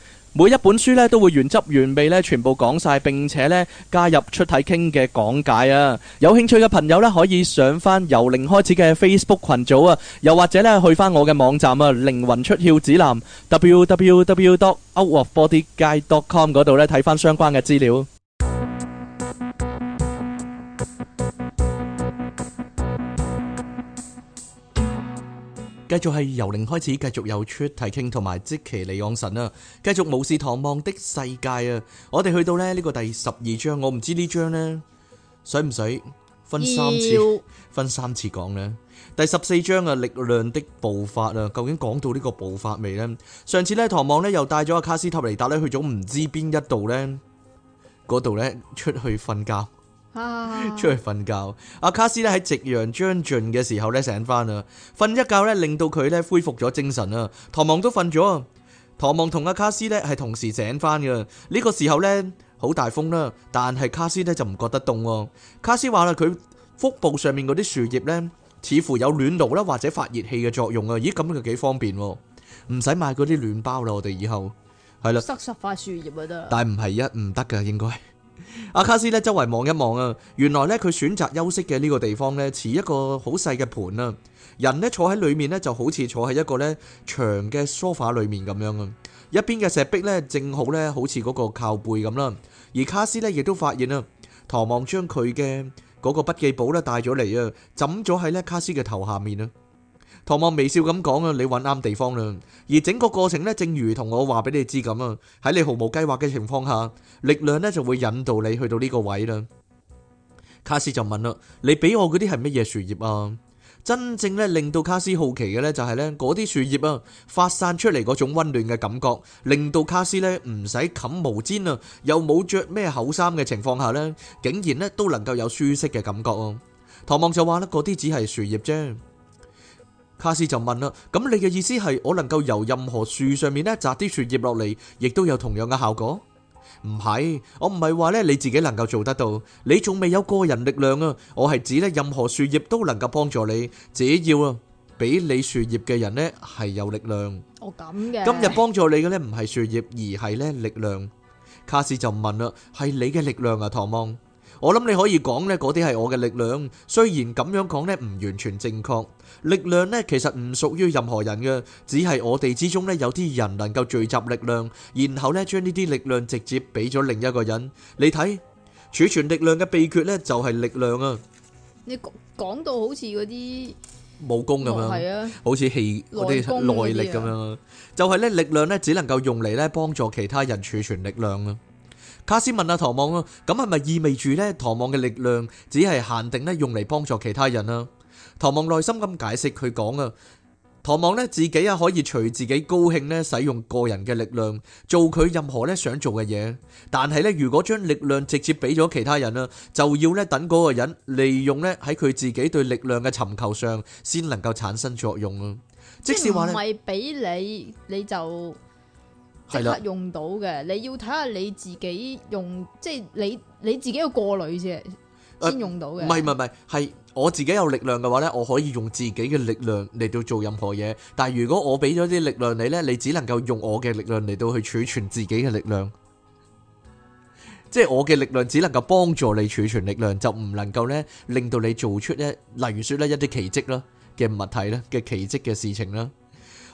每一本書咧都會原汁原味咧全部講晒，並且咧加入出體傾嘅講解啊！有興趣嘅朋友咧可以上翻由零開始嘅 Facebook 群組啊，又或者咧去翻我嘅網站啊靈魂出竅指南 www.outofbodyguide.com 嗰度咧睇翻相關嘅資料。繼續係由零開始，繼續有出題傾同埋即其尼昂神啊，繼續巫士唐望的世界啊，我哋去到咧呢個第十二章，我唔知呢章呢，使唔使分三次分三次講咧？第十四章啊，力量的步法啊，究竟講到呢個步法未呢？上次呢，唐望呢又帶咗阿卡斯塔尼達呢去咗唔知邊一度呢，嗰度呢，出去瞓覺。出去瞓覺，阿卡斯咧喺夕陽將盡嘅時候咧醒翻啦，瞓一覺咧令到佢咧恢復咗精神啦。唐望都瞓咗，唐望同阿卡斯咧係同時醒翻噶。呢個時候咧好大風啦，但係卡斯咧就唔覺得凍。卡斯話啦，佢腹部上面嗰啲樹葉咧似乎有暖爐啦或者發熱器嘅作用啊！咦，咁佢就幾方便，唔使買嗰啲暖包啦。我哋以後係啦，塞
塞塊樹葉啊得。但
唔係一唔得噶，應該。阿卡斯咧周圍望一望啊，原來咧佢選擇休息嘅呢個地方咧似一個好細嘅盤啊。人咧坐喺裏面咧就好似坐喺一個咧長嘅梳化裏面咁樣啊，一邊嘅石壁咧正好咧好似嗰個靠背咁啦，而卡斯咧亦都發現啊，唐望將佢嘅嗰個筆記簿咧帶咗嚟啊，枕咗喺咧卡斯嘅頭下面啊。唐望微笑咁講啊，你揾啱地方啦。而整個過程呢，正如同我話俾你知咁啊，喺你毫無計劃嘅情況下，力量呢就會引導你去到呢個位啦。卡斯就問啦，了你俾我嗰啲係乜嘢樹葉啊？真正呢令到卡斯好奇嘅呢，就是，就係呢嗰啲樹葉啊，發散出嚟嗰種溫暖嘅感覺，令到卡斯呢唔使冚毛氈啊，又冇着咩厚衫嘅情況下呢，竟然呢都能夠有舒適嘅感覺。唐望就話呢，嗰啲只係樹葉啫。卡斯就問啦：咁你嘅意思係我能夠由任何樹上面咧摘啲樹葉落嚟，亦都有同樣嘅效果？唔係，我唔係話咧你自己能夠做得到，你仲未有個人力量啊！我係指咧任何樹葉都能夠幫助你，只要啊，俾你樹葉嘅人咧係有力量。哦，
咁嘅。今日
幫助你嘅咧唔係樹葉，而係咧力量。卡斯就問啦：係你嘅力量啊，唐望。我諗你可以講咧嗰啲係我嘅力量，雖然咁樣講咧唔完全正確。力量咧，其實唔屬於任何人嘅，只係我哋之中咧，有啲人能夠聚集力量，然後咧將呢啲力量直接俾咗另一個人。你睇儲存力量嘅秘訣咧，就係力量啊！
你講講到好似嗰啲
武功咁樣，係啊，好似氣嗰啲內力咁樣，就係咧力量咧，只能夠用嚟咧幫助其他人儲存力量啊！卡斯問阿，唐望啊，咁係咪意味住咧唐望嘅力量只係限定咧用嚟幫助其他人啊？唐望耐心咁解釋佢講啊，唐望咧自己啊可以隨自己高興咧使用個人嘅力量做佢任何咧想做嘅嘢，但係咧如果將力量直接俾咗其他人啦，就要咧等嗰個人利用咧喺佢自己對力量嘅尋求上先能夠產生作用啊。即係話唔係
俾你你就即刻用到嘅，你要睇下你自己用，即係你你自己要過濾先先用到嘅。唔係唔
係係。我自己有力量嘅話呢，我可以用自己嘅力量嚟到做任何嘢。但係如果我俾咗啲力量你呢，你只能夠用我嘅力量嚟到去儲存自己嘅力量，即係我嘅力量只能夠幫助你儲存力量，就唔能夠呢令到你做出呢，例如說呢一啲奇蹟啦嘅物體啦嘅奇蹟嘅事情啦。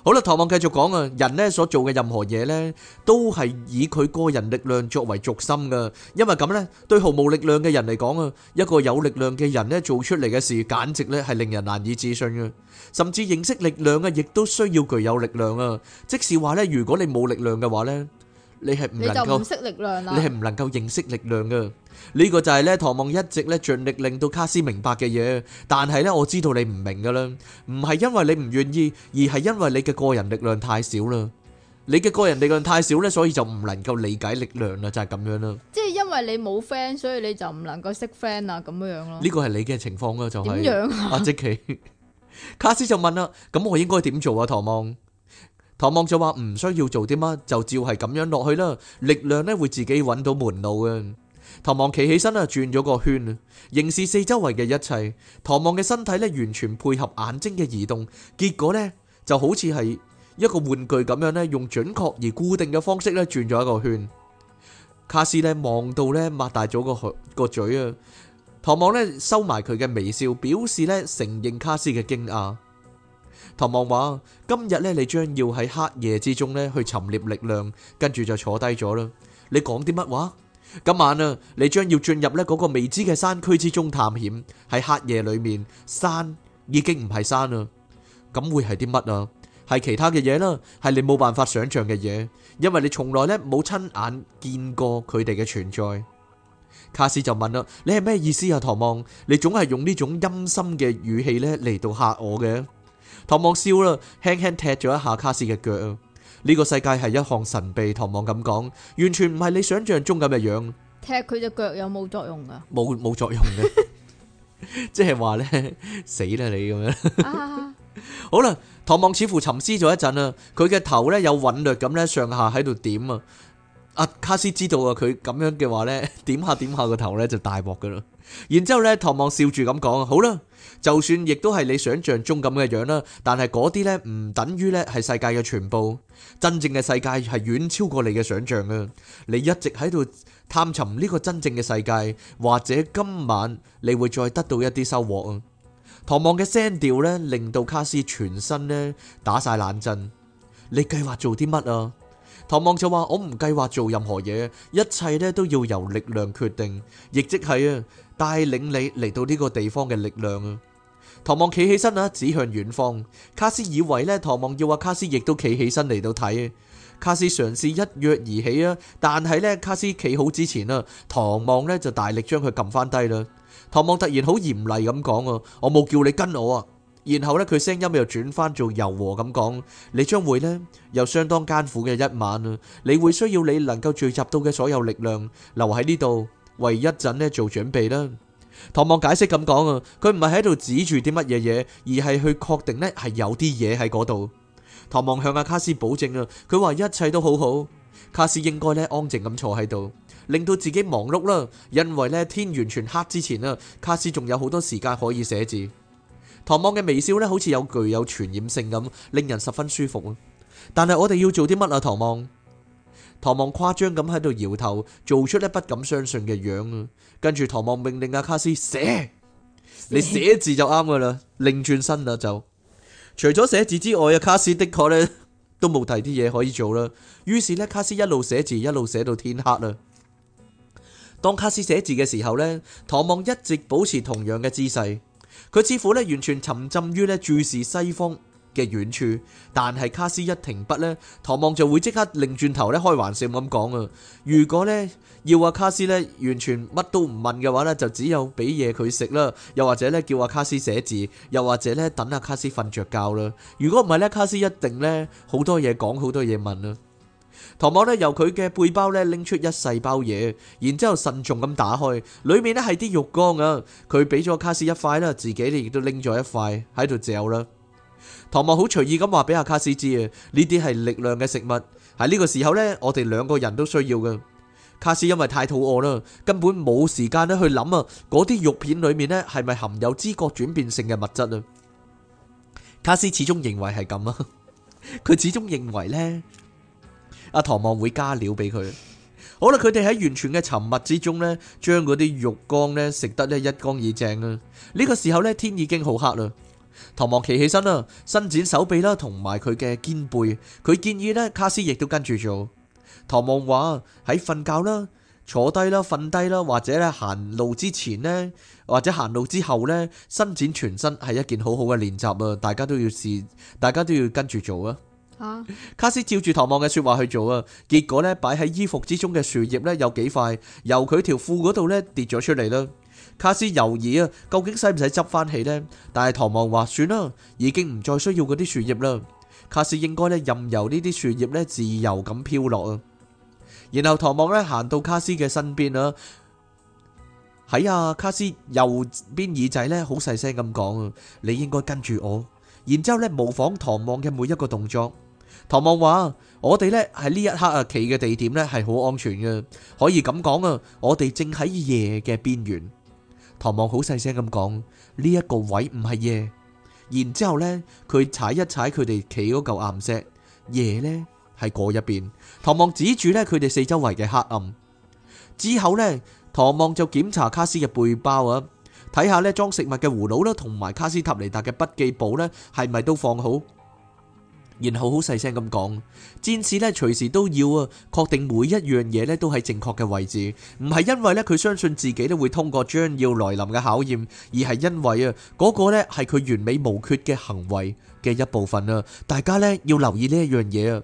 好啦，唐望繼續講啊，人咧所做嘅任何嘢咧，都係以佢個人力量作為軸心噶，因為咁咧，對毫無力量嘅人嚟講啊，一個有力量嘅人咧做出嚟嘅事，簡直咧係令人難以置信嘅，甚至認識力量啊，亦都需要具有力量啊，即是話咧，如果你冇力量嘅話咧。你係唔能夠，你係唔能夠識
力量啦，你係唔
能夠認識力量嘅。呢個就係咧唐望一直咧盡力令到卡斯明白嘅嘢。但係咧，我知道你唔明噶啦，唔係因為你唔願意，而係因為你嘅個人力量太少啦。你嘅個人力量太少咧，所以就唔能夠理解力量啦，就係咁樣啦。
即係因為你冇 friend，所以你就唔能夠識 friend 啊，咁樣咯。呢個
係你嘅情況啦，就係。點樣啊？阿即奇，卡斯就問啦，咁我應該點做啊？唐望。唐望就話唔需要做啲乜，就照係咁樣落去啦。力量咧會自己揾到門路嘅。唐望企起身啦，轉咗個圈，凝視四周圍嘅一切。唐望嘅身體咧完全配合眼睛嘅移動，結果咧就好似係一個玩具咁樣咧，用準確而固定嘅方式咧轉咗一個圈。卡斯咧望到咧，擘大咗個口個嘴啊。唐望咧收埋佢嘅微笑，表示咧承認卡斯嘅驚訝。唐望話：今日咧，你將要喺黑夜之中咧去尋獵力量，跟住就坐低咗啦。你講啲乜話？今晚啊，你將要進入咧嗰個未知嘅山區之中探險。喺黑夜裏面，山已經唔係山啦，咁會係啲乜啊？係其他嘅嘢啦，係你冇辦法想象嘅嘢，因為你從來咧冇親眼見過佢哋嘅存在。卡斯就問啦：你係咩意思啊？唐望，你總係用呢種陰森嘅語氣咧嚟到吓我嘅。唐望笑啦，輕輕踢咗一下卡斯嘅腳啊！呢個世界係一項神秘，唐望咁講，完全唔係你想象中咁嘅樣。
踢佢隻腳有冇作用啊？
冇，冇作用嘅，即係話咧死啦你咁樣。好啦，唐望似乎沉思咗一陣啊，佢嘅頭咧有韻律咁咧上下喺度點啊！阿卡斯知道啊，佢咁樣嘅話咧點下點下個頭咧就大鑊噶啦。然之後咧，唐望笑住咁講：好啦。就算亦都係你想象中咁嘅樣啦，但係嗰啲呢唔等於呢係世界嘅全部。真正嘅世界係遠超過你嘅想象噶。你一直喺度探尋呢個真正嘅世界，或者今晚你會再得到一啲收穫啊！唐望嘅聲調呢令到卡斯全身呢打晒冷震。你計劃做啲乜啊？唐望就話：我唔計劃做任何嘢，一切咧都要由力量決定，亦即係啊帶領你嚟到呢個地方嘅力量啊。唐望企起身啊，指向遠方。卡斯以為咧，唐望要阿卡斯亦都企起身嚟到睇。卡斯嘗試一躍而起啊，但係咧卡斯企好之前啊，唐望咧就大力將佢撳翻低啦。唐望突然好嚴厲咁講：我冇叫你跟我啊！然後呢，佢聲音又轉翻做柔和咁講，你將會呢有相當艱苦嘅一晚啊！你會需要你能夠聚集到嘅所有力量留喺呢度，為一陣呢做準備啦。唐望解釋咁講啊，佢唔係喺度指住啲乜嘢嘢，而係去確定呢係有啲嘢喺嗰度。唐望向阿卡斯保證啊，佢話一切都好好。卡斯應該呢安靜咁坐喺度，令到自己忙碌啦，因為呢天完全黑之前啊，卡斯仲有好多時間可以寫字。唐望嘅微笑呢，好似有具有傳染性咁，令人十分舒服啊！但係我哋要做啲乜啊？唐望，唐望誇張咁喺度搖頭，做出呢不敢相信嘅樣啊！跟住唐望命令阿、啊、卡斯寫，寫寫你寫字就啱噶啦，擰轉身啦就。除咗寫字之外，阿卡斯的確呢都冇第啲嘢可以做啦。於是呢，卡斯一路寫字，一路寫到天黑啦。當卡斯寫字嘅時候呢，唐望一直保持同樣嘅姿勢。佢似乎咧完全沉浸於咧注視西方嘅遠處，但係卡斯一停筆咧，唐望就會即刻擰轉，轉頭咧開玩笑咁講啊！如果咧要阿卡斯咧完全乜都唔問嘅話咧，就只有俾嘢佢食啦，又或者咧叫阿卡斯寫字，又或者咧等阿卡斯瞓着覺啦。如果唔係咧，卡斯一定咧好多嘢講，好多嘢問啦。唐望咧由佢嘅背包咧拎出一細包嘢，然之後慎重咁打開，裏面咧係啲肉乾啊。佢俾咗卡斯一塊啦，自己亦都拎咗一塊喺度嚼啦。唐望好隨意咁話俾阿卡斯知啊，呢啲係力量嘅食物，喺呢個時候呢，我哋兩個人都需要嘅。卡斯因為太肚餓啦，根本冇時間咧去諗啊，嗰啲肉片裏面呢，係咪含有知覺轉變性嘅物質啊？卡斯始終認為係咁啊，佢 始終認為呢。阿唐望會加料俾佢，好啦，佢哋喺完全嘅沉默之中呢，將嗰啲肉乾呢食得呢一乾二淨啦。呢、這個時候呢，天已經好黑啦，唐望企起身啦，伸展手臂啦，同埋佢嘅肩背。佢建議呢，卡斯亦都跟住做。唐望話喺瞓覺啦，坐低啦，瞓低啦，或者咧行路之前呢，或者行路之後呢，伸展全身係一件好好嘅練習啊！大家都要試，大家都要跟住做啊！卡斯照住唐望嘅說話去做啊，結果呢，擺喺衣服之中嘅樹葉呢，有幾塊由佢條褲嗰度呢跌咗出嚟啦。卡斯猶豫啊，究竟使唔使執翻起呢？但係唐望話，算啦，已經唔再需要嗰啲樹葉啦。卡斯應該呢，任由呢啲樹葉呢自由咁飄落啊。然後唐望呢，行到卡斯嘅身邊啊，喺啊卡斯右邊耳仔呢，好細聲咁講啊，你應該跟住我，然之後呢模仿唐望嘅每一個動作。唐望話：我哋呢喺呢一刻啊，企嘅地點呢係好安全嘅，可以咁講啊。我哋正喺夜嘅邊緣。唐望好細聲咁講：呢一個位唔係夜。然之後呢，佢踩一踩佢哋企嗰嚿岩石，夜呢係嗰一邊。唐望指住呢佢哋四周圍嘅黑暗。之後呢，唐望就檢查卡斯嘅背包啊，睇下呢裝食物嘅葫蘆啦，同埋卡斯塔尼達嘅筆記簿呢係咪都放好。然後好細聲咁講，戰士咧隨時都要啊，確定每一樣嘢咧都喺正確嘅位置，唔係因為咧佢相信自己都會通過將要來臨嘅考驗，而係因為啊嗰個咧係佢完美無缺嘅行為嘅一部分啊。大家咧要留意呢一樣嘢
啊，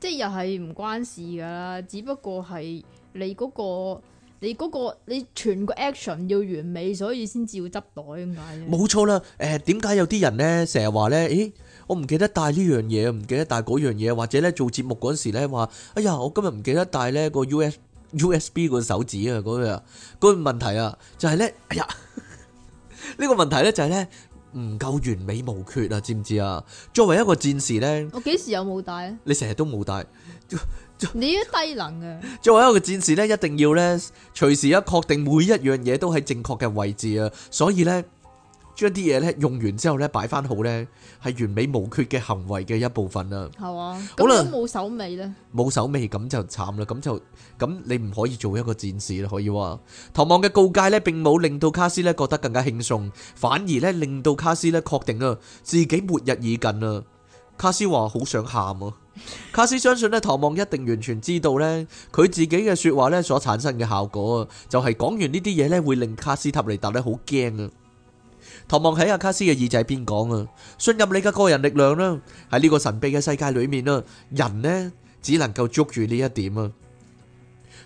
即係又係唔關事噶啦，只不過係你嗰個你嗰個你全個 action 要完美，所以先至要執袋咁解。冇
錯啦，誒，點解有啲人咧成日話咧，咦？我唔記得帶呢樣嘢，唔記得帶嗰樣嘢，或者咧做節目嗰陣時咧話，哎呀，我今日唔記得帶呢個 U S U S B 個手指啊！嗰個嗰個問題啊，就係咧，哎呀，呢 個問題咧就係咧唔夠完美無缺啊！知唔知啊？作為一個戰士咧，
我幾時有冇帶
啊？你成日都冇帶，
你啲低能嘅。
作為一個戰士咧，一定要咧隨時一確定每一樣嘢都喺正確嘅位置啊！所以咧。將啲嘢咧用完之後咧擺翻好咧，係完美無缺嘅行為嘅一部分啊。
好啊，都冇手尾咧，
冇手尾咁就慘啦。咁就咁你唔可以做一個戰士啦，可以話唐望嘅告誡咧，並冇令到卡斯咧覺得更加輕鬆，反而咧令到卡斯咧確定啊自己末日已近啊。卡斯話好想喊啊。 卡斯相信咧，唐望一定完全知道咧佢自己嘅說話咧所產生嘅效果啊，就係、是、講完呢啲嘢咧會令卡斯塔尼達咧好驚啊。唐望喺阿卡斯嘅耳仔邊講啊，信任你嘅個人力量啦，喺呢個神秘嘅世界裏面啦，人呢只能夠捉住呢一點啊。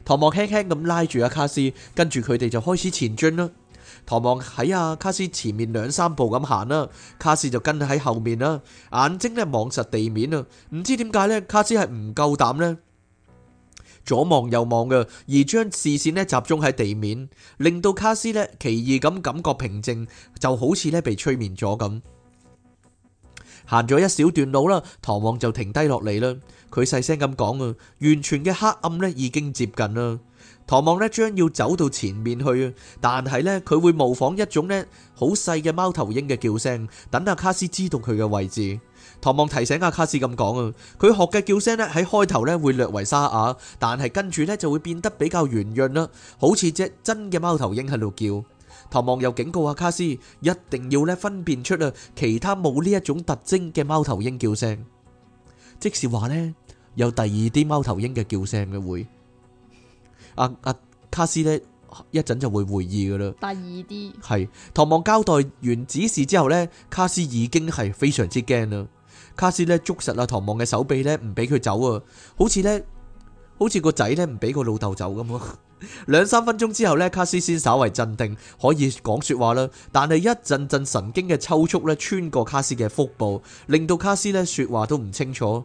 唐望輕輕咁拉住阿卡斯，跟住佢哋就開始前進啦。唐望喺阿卡斯前面兩三步咁行啦，卡斯就跟喺後面啦，眼睛呢望實地面啊，唔知點解呢，卡斯係唔夠膽呢，左望右望嘅，而將視線呢集中喺地面，令到卡斯呢奇異咁感覺平靜，就好似呢被催眠咗咁。行咗一小段路啦，唐望就停低落嚟啦。佢細聲咁講啊，完全嘅黑暗呢已經接近啦。唐望呢將要走到前面去，但係呢佢會模仿一種呢好細嘅貓頭鷹嘅叫聲，等阿卡斯知道佢嘅位置。唐望提醒阿卡斯咁講啊，佢學嘅叫聲呢喺開頭呢會略為沙啞，但係跟住呢就會變得比較圓潤啦，好似隻真嘅貓頭鷹喺度叫。唐望又警告阿卡斯，一定要呢分辨出啊其他冇呢一種特徵嘅貓頭鷹叫聲，即是話呢有第二啲貓頭鷹嘅叫聲嘅會。阿、啊、阿、啊、卡斯呢一陣就會回憶噶啦，第二啲係唐望交代完指示之後呢，卡斯已經係非常之驚啦。卡斯咧捉實啊，唐望嘅手臂咧，唔俾佢走啊，好似咧，好似個仔咧唔俾個老豆走咁。兩三分鐘之後咧，卡斯先稍為鎮定，可以講說話啦。但係一陣陣神經嘅抽搐咧，穿過卡斯嘅腹部，令到卡斯咧說話都唔清楚。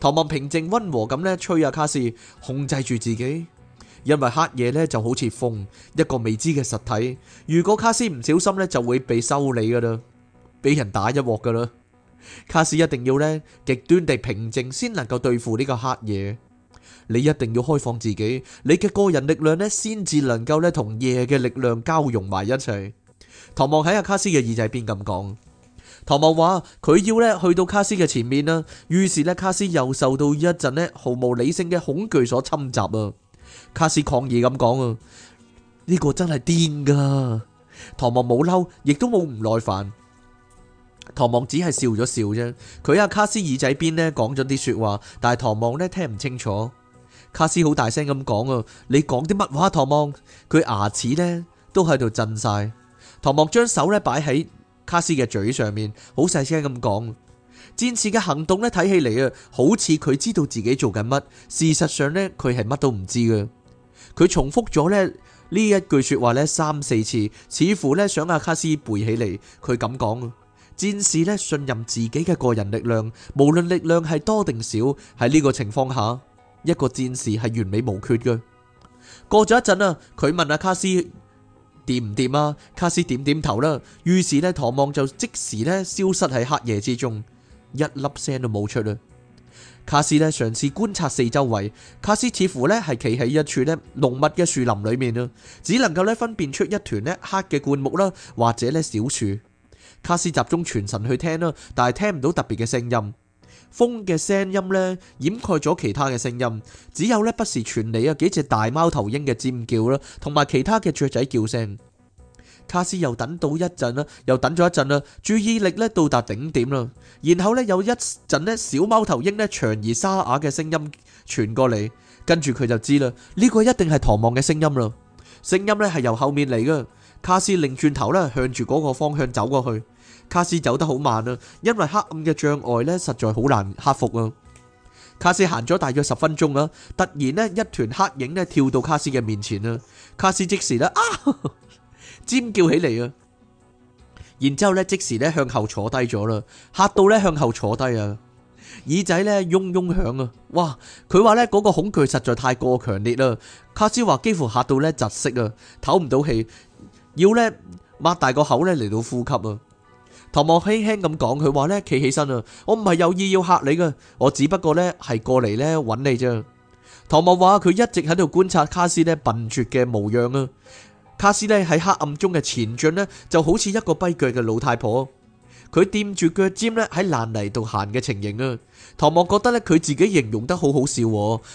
唐望平靜溫和咁咧，催啊卡斯控制住自己，因為黑夜咧就好似風，一個未知嘅實體。如果卡斯唔小心咧，就會被修理噶啦，俾人打一鑊噶啦。卡斯一定要呢極端地平靜先能夠對付呢個黑夜。你一定要開放自己，你嘅個人力量呢先至能夠呢同夜嘅力量交融埋一齊。唐望喺阿卡斯嘅耳仔邊咁講。唐望話佢要咧去到卡斯嘅前面啦。於是呢卡斯又受到一陣呢毫無理性嘅恐懼所侵襲啊。卡斯抗議咁講啊，呢、這個真係癲噶。唐望冇嬲，亦都冇唔耐煩。唐望只係笑咗笑啫，佢喺阿卡斯耳仔邊呢講咗啲說話，但係唐望呢聽唔清楚。卡斯好大聲咁講啊，你講啲乜話，唐望？佢牙齒呢都喺度震晒。唐望將手呢擺喺卡斯嘅嘴上面，好細聲咁講。戰士嘅行動呢睇起嚟啊，好似佢知道自己做緊乜，事實上呢佢係乜都唔知嘅。佢重複咗呢呢一句說話呢三四次，似乎呢想阿卡斯背起嚟。佢咁講。戰士咧，信任自己嘅個人力量，無論力量係多定少，喺呢個情況下，一個戰士係完美無缺嘅。過咗一陣啦，佢問阿卡斯掂唔掂啊？卡斯點點頭啦。於是呢，唐望就即時咧，消失喺黑夜之中，一粒聲都冇出啦。卡斯咧，嘗試觀察四周圍，卡斯似乎咧係企喺一處咧，濃密嘅樹林裏面啦，只能夠咧，分辨出一團咧，黑嘅灌木啦，或者咧，小樹。卡斯集中全神去聽啦，但係聽唔到特別嘅聲音。風嘅聲音呢掩蓋咗其他嘅聲音，只有呢不時傳嚟啊幾隻大貓頭鷹嘅尖叫啦，同埋其他嘅雀仔叫聲。卡斯又等到一陣啦，又等咗一陣啦，注意力呢到達頂點啦。然後呢有一陣呢小貓頭鷹呢長而沙啞嘅聲音傳過嚟，跟住佢就知啦，呢、這個一定係唐望嘅聲音啦。聲音呢係由後面嚟噶。卡斯擰轉頭咧，向住嗰個方向走過去。卡斯走得好慢啊，因為黑暗嘅障礙咧，實在好難克服啊。卡斯行咗大約十分鐘啦，突然呢，一團黑影咧跳到卡斯嘅面前啦。卡斯即時咧啊，呵呵尖叫起嚟啊，然之後咧即時咧向後坐低咗啦，嚇到咧向後坐低啊，耳仔咧嗡嗡響啊。哇，佢話咧嗰個恐懼實在太過強烈啦。卡斯話幾乎嚇到咧窒息啊，唞唔到氣。要咧，擘大個口咧嚟到呼吸啊！唐望輕輕咁講，佢話咧，企起身啊！我唔係有意要嚇你噶，我只不過咧係過嚟咧揾你咋。唐望話佢一直喺度觀察卡斯咧笨拙嘅模樣啊！卡斯咧喺黑暗中嘅前進咧，就好似一個跛腳嘅老太婆。佢掂住腳尖咧喺爛泥度行嘅情形啊，唐望覺得咧佢自己形容得好好笑，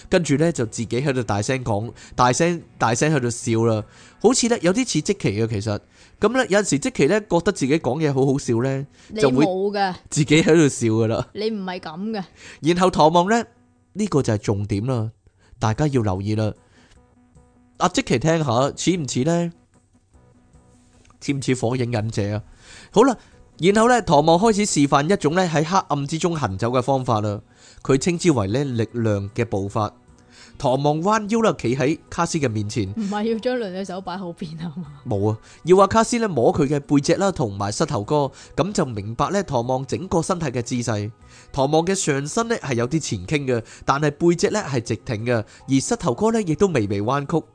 跟住咧就自己喺度大聲講，大聲大聲喺度笑啦，好似咧有啲似積奇啊。其實咁咧有陣時積奇咧覺得自己講嘢好好笑咧，就會自己喺度笑噶啦。
你唔係咁嘅。
然後唐望咧呢個就係重點啦，大家要留意啦。阿積奇聽下似唔似咧？似唔似火影忍者啊？好啦。然後咧，唐望開始示範一種咧喺黑暗之中行走嘅方法啦。佢稱之為咧力量嘅步伐。唐望彎腰啦，企喺卡斯嘅面前。
唔係要將兩隻手擺好邊啊？
冇啊，要阿卡斯咧摸佢嘅背脊啦，同埋膝頭哥，咁就明白咧唐望整個身體嘅姿勢。唐望嘅上身呢係有啲前傾嘅，但係背脊呢係直挺嘅，而膝頭哥呢亦都微微彎曲。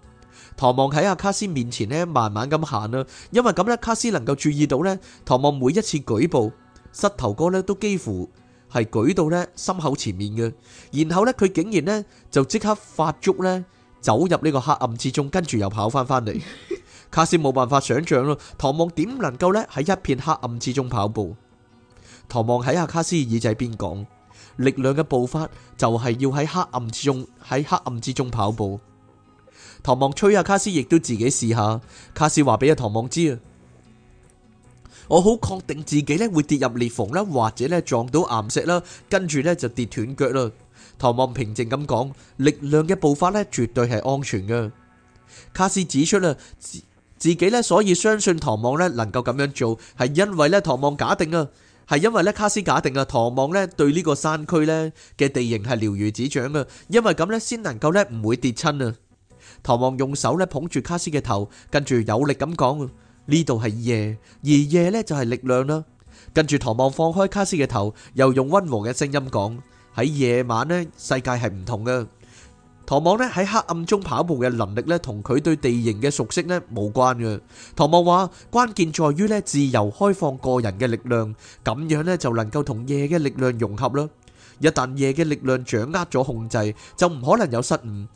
唐望喺阿卡斯面前咧，慢慢咁行啦，因為咁咧，卡斯能夠注意到咧，唐望每一次舉步，膝頭哥咧都幾乎係舉到咧心口前面嘅。然後咧佢竟然咧就即刻發足咧走入呢個黑暗之中，跟住又跑翻翻嚟。卡斯冇辦法想象咯，唐望點能夠咧喺一片黑暗之中跑步？唐望喺阿卡斯耳仔邊講，力量嘅步伐就係要喺黑暗之中喺黑暗之中跑步。唐望吹下，卡斯亦都自己試下。卡斯話俾阿唐望知啊，我好確定自己咧會跌入裂縫啦，或者咧撞到岩石啦，跟住呢就跌斷腳啦。唐望平靜咁講，力量嘅步法呢，絕對係安全㗎。卡斯指出啦，自己呢，所以相信唐望呢能夠咁樣做，係因為呢唐望假定啊，係因為呢卡斯假定啊，唐望呢對呢個山區呢嘅地形係了如指掌啊，因為咁呢先能夠呢唔會跌親啊。唐望用手咧捧住卡斯嘅頭，跟住有力咁講：呢度係夜，而夜呢就係力量啦。跟住唐望放開卡斯嘅頭，又用温和嘅聲音講：喺夜晚呢，世界係唔同嘅。唐望呢喺黑暗中跑步嘅能力呢，同佢對地形嘅熟悉呢無關嘅。唐望話：關鍵在於呢自由開放個人嘅力量，咁樣呢就能夠同夜嘅力量融合啦。一旦夜嘅力量掌握咗控制，就唔可能有失誤。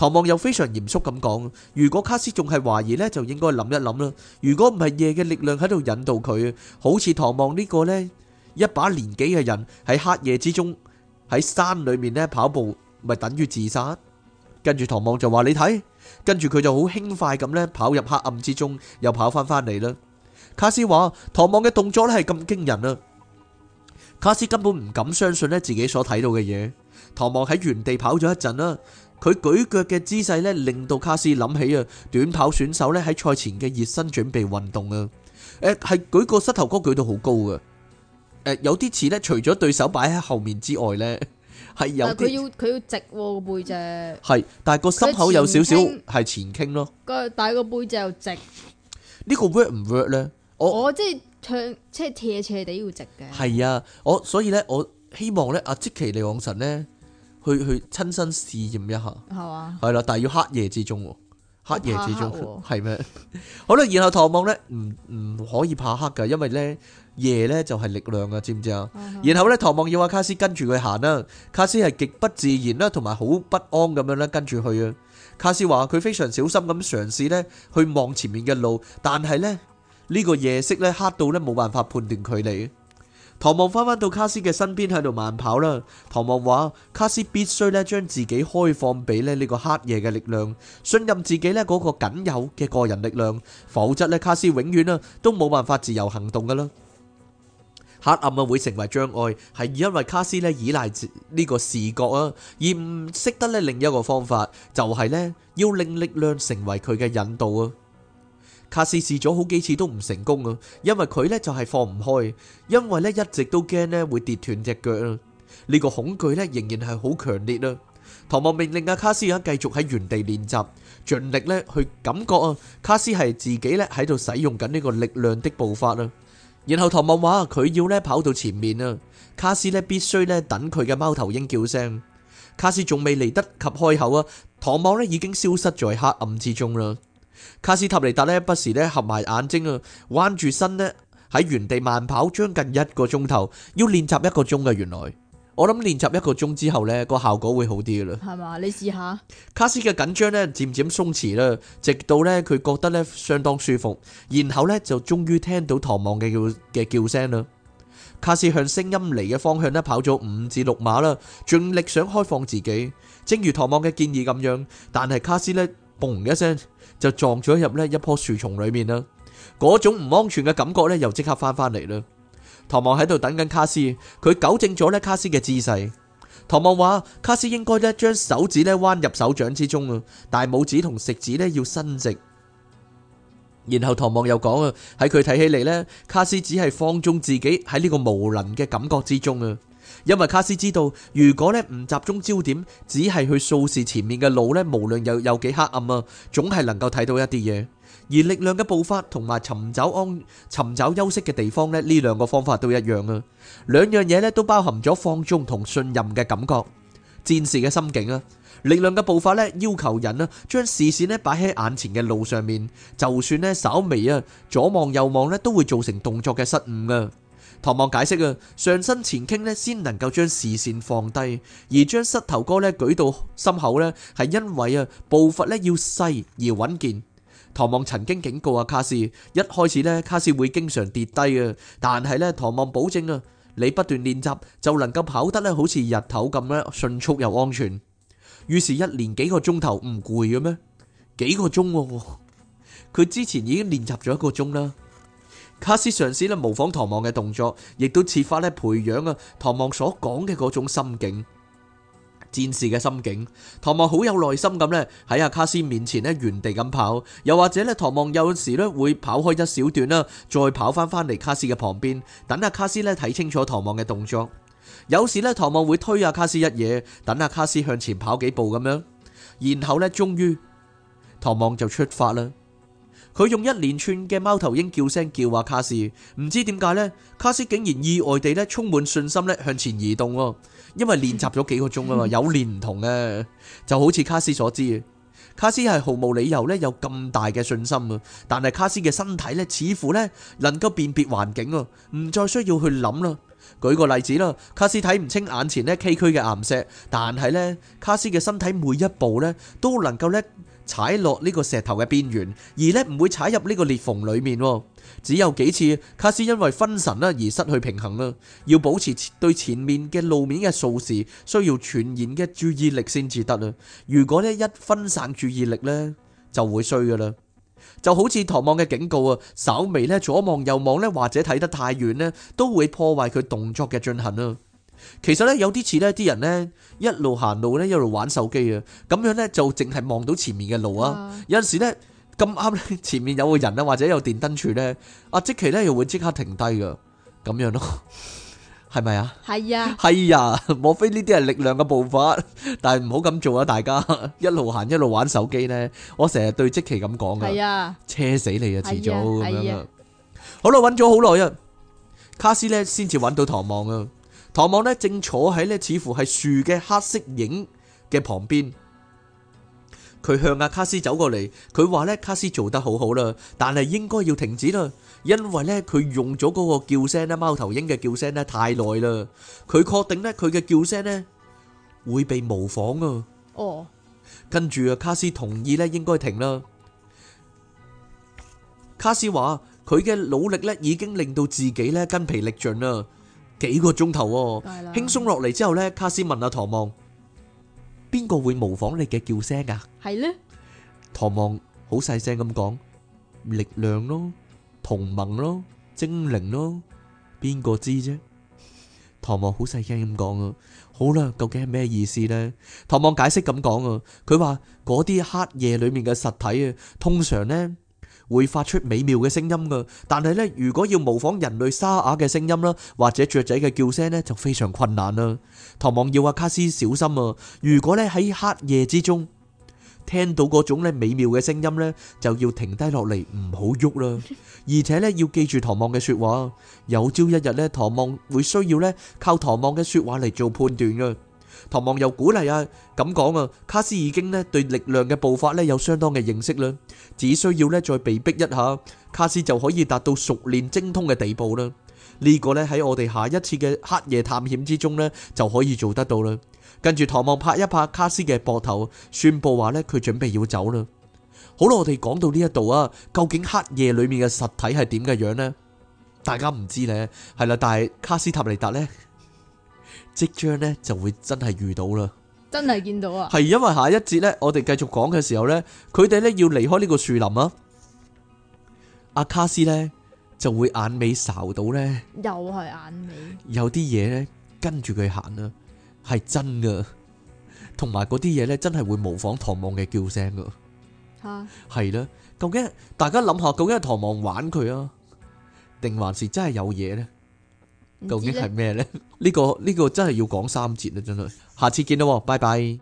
唐望又非常嚴肅咁講：如果卡斯仲係懷疑呢，就應該諗一諗啦。如果唔係夜嘅力量喺度引導佢，好似唐望呢個呢一把年紀嘅人喺黑夜之中喺山裏面呢跑步，咪等於自殺。跟住唐望就話：你睇。跟住佢就好輕快咁呢跑入黑暗之中，又跑翻翻嚟啦。卡斯話：唐望嘅動作呢係咁驚人啊！卡斯根本唔敢相信呢自己所睇到嘅嘢。唐望喺原地跑咗一陣啦。佢舉腳嘅姿勢咧，令到卡斯諗起啊，短跑選手咧喺賽前嘅熱身準備運動啊，誒，係舉個膝頭哥舉到好高嘅，誒，有啲似咧，除咗對手擺喺後面之外咧，係有。但係佢要
佢要直個背脊。
係，但係個心口有少少係前傾咯。
個但係個背脊又直。
呢個 work 唔 work 咧？我
我即係長即係斜斜地要直嘅。
係啊，我所以咧，我希望咧，阿即奇利往神咧。去去親身試驗一下，係嘛？係啦，但係要黑夜之中喎，黑夜之中係咩？好啦，然後唐望咧唔唔可以怕黑㗎，因為咧夜咧就係力量啊，知唔知啊？然後咧唐望要阿卡斯跟住佢行啦，卡斯係極不自然啦，同埋好不安咁樣咧跟住去啊。卡斯話佢非常小心咁嘗試咧去望前面嘅路，但係咧呢個夜色咧黑到咧冇辦法判斷距離啊。唐望翻返到卡斯嘅身邊喺度慢跑啦。唐望話：卡斯必須咧將自己開放俾咧呢個黑夜嘅力量，信任自己呢嗰個僅有嘅個人力量，否則呢，卡斯永遠啊都冇辦法自由行動噶啦。黑暗啊會成為障礙，係因為卡斯呢依賴呢個視覺啊，而唔識得呢另一個方法，就係、是、呢要令力量成為佢嘅引導啊。卡斯試咗好幾次都唔成功啊，因為佢咧就係放唔開，因為咧一直都驚咧會跌斷隻腳啊。呢個恐懼咧仍然係好強烈啊。唐望命令阿卡斯啊繼續喺原地練習，盡力咧去感覺啊。卡斯係自己咧喺度使用緊呢個力量的步伐啊。然後唐望話佢要咧跑到前面啊。卡斯咧必須咧等佢嘅貓頭鷹叫聲。卡斯仲未嚟得及開口啊，唐望咧已經消失在黑暗之中啦。卡斯塔尼達呢，不時呢合埋眼睛啊，彎住身呢，喺原地慢跑，將近一個鐘頭，要練習一個鐘啊！原來我諗練習一個鐘之後呢，個效果會好啲啦。
係嘛？你試下。
卡斯嘅緊張呢，漸漸鬆弛啦，直到呢，佢覺得呢相當舒服，然後呢，就終於聽到唐望嘅叫嘅叫聲啦。卡斯向聲音嚟嘅方向呢，跑咗五至六碼啦，盡力想開放自己，正如唐望嘅建議咁樣，但係卡斯呢，嘣一聲。就撞咗入呢一棵樹叢裏面啦，嗰種唔安全嘅感覺咧，又即刻翻翻嚟啦。唐望喺度等緊卡斯，佢糾正咗咧卡斯嘅姿勢。唐望話：卡斯應該咧將手指咧彎入手掌之中啊，大拇指同食指咧要伸直。然後唐望又講啊，喺佢睇起嚟咧，卡斯只係放縱自己喺呢個無能嘅感覺之中啊。因為卡斯知道，如果咧唔集中焦點，只係去掃視前面嘅路咧，無論有有幾黑暗啊，總係能夠睇到一啲嘢。而力量嘅步法同埋尋找安、尋找休息嘅地方咧，呢兩個方法都一樣啊。兩樣嘢咧都包含咗放鬆同信任嘅感覺，戰士嘅心境啊。力量嘅步法咧要求人啊，將視線咧擺喺眼前嘅路上面，就算咧稍微啊左望右望咧，都會造成動作嘅失誤啊。唐望解釋啊，上身前傾呢，先能夠將視線放低，而將膝頭哥呢舉到心口呢，係因為啊步伐呢要細而穩健。唐望曾經警告阿卡斯，一開始呢，卡斯會經常跌低嘅，但係呢，唐望保證啊，你不斷練習就能夠跑得呢好似日頭咁樣，迅速又安全。於是，一連幾個鐘頭唔攰嘅咩？幾個鐘、啊？佢 之前已經練習咗一個鐘啦。卡斯嘗試咧模仿唐望嘅動作，亦都設法咧培養啊唐望所講嘅嗰種心境，戰士嘅心境。唐望好有耐心咁咧喺阿卡斯面前咧原地咁跑，又或者咧唐望有時咧會跑開一小段啦，再跑翻翻嚟卡斯嘅旁邊，等阿卡斯咧睇清楚唐望嘅動作。有時咧唐望會推阿卡斯一嘢，等阿卡斯向前跑幾步咁樣，然後咧終於唐望就出發啦。佢用一連串嘅貓頭鷹叫聲叫啊卡斯，唔知點解呢？卡斯竟然意外地咧充滿信心咧向前移動，因為練習咗幾個鐘啊嘛，有練唔同啊，就好似卡斯所知啊。卡斯係毫無理由咧有咁大嘅信心啊，但係卡斯嘅身體咧似乎咧能夠辨別環境，唔再需要去諗啦。舉個例子啦，卡斯睇唔清眼前呢崎嶇嘅岩石，但係呢卡斯嘅身體每一步咧都能夠咧。踩落呢個石頭嘅邊緣，而呢唔會踩入呢個裂縫裏面。只有幾次卡斯因為分神啦而失去平衡啦，要保持對前面嘅路面嘅掃視，需要全然嘅注意力先至得啦。如果咧一分散注意力呢，就會衰噶啦。就好似唐望嘅警告啊，稍微咧左望右望呢，或者睇得太遠呢，都會破壞佢動作嘅進行啊。其實咧有啲似呢啲人呢，一路行路呢，一路玩手機啊，咁樣呢，就淨係望到前面嘅路啊。有陣時咧咁啱前面有個人啊，或者有電燈柱呢，阿即奇呢，奇又會即刻停低噶，咁樣咯，係 咪吧啊？
係呀、啊！係
呀！莫非呢啲係力量嘅步法？但係唔好咁做啊！大家一路行一路玩手機呢，我成日對即奇咁講噶，係、啊、車死你啊遲早咁樣。啊、好啦，揾咗好耐啊，卡斯呢，先至揾到唐望啊。唐望咧正坐喺咧，似乎係樹嘅黑色影嘅旁邊。佢向阿卡斯走過嚟，佢話呢，卡斯做得好好啦，但係應該要停止啦，因為呢，佢用咗嗰個叫聲咧，貓頭鷹嘅叫聲咧太耐啦。佢確定呢，佢嘅叫聲呢會被模仿啊。哦，oh. 跟住啊，卡斯同意呢應該停啦。卡斯話佢嘅努力呢已經令到自己呢筋疲力盡啦。幾個鐘頭，輕鬆落嚟之後呢，卡斯問阿，唐望，邊個會模仿你嘅叫聲㗎？係呢？唐望，會發出美妙嘅聲音噶，但係咧，如果要模仿人類沙啞嘅聲音啦，或者雀仔嘅叫聲咧，就非常困難啦。唐望要阿卡斯小心啊！如果咧喺黑夜之中聽到嗰種咧美妙嘅聲音咧，就要停低落嚟唔好喐啦，而且咧要記住唐望嘅說話。有朝一日咧，唐望會需要咧靠唐望嘅說話嚟做判斷噶。唐望又鼓勵啊，咁講啊，卡斯已經咧對力量嘅步伐咧有相當嘅認識啦，只需要咧再被逼一下，卡斯就可以達到熟練精通嘅地步啦。呢個咧喺我哋下一次嘅黑夜探險之中咧就可以做得到啦。跟住唐望拍一拍卡斯嘅膊頭，宣布話咧佢準備要走啦。好啦，我哋講到呢一度啊，究竟黑夜裏面嘅實體係點嘅樣咧？大家唔知咧，係啦，但係卡斯塔尼達咧。即將咧就會真係遇到啦，
真係見到啊！係
因為下一節咧，我哋繼續講嘅時候咧，佢哋咧要離開呢個樹林啊。阿卡斯咧就會眼尾睄到咧，
又係眼尾，
有啲嘢咧跟住佢行啊，係真噶，同埋嗰啲嘢咧真係會模仿唐望嘅叫聲噶吓，係啦。究竟大家諗下，究竟係唐望玩佢啊，定還是真係有嘢咧？究竟係咩呢？呢、 呢個呢、呢個真係要講三節啦，真係。下次見啦，拜拜。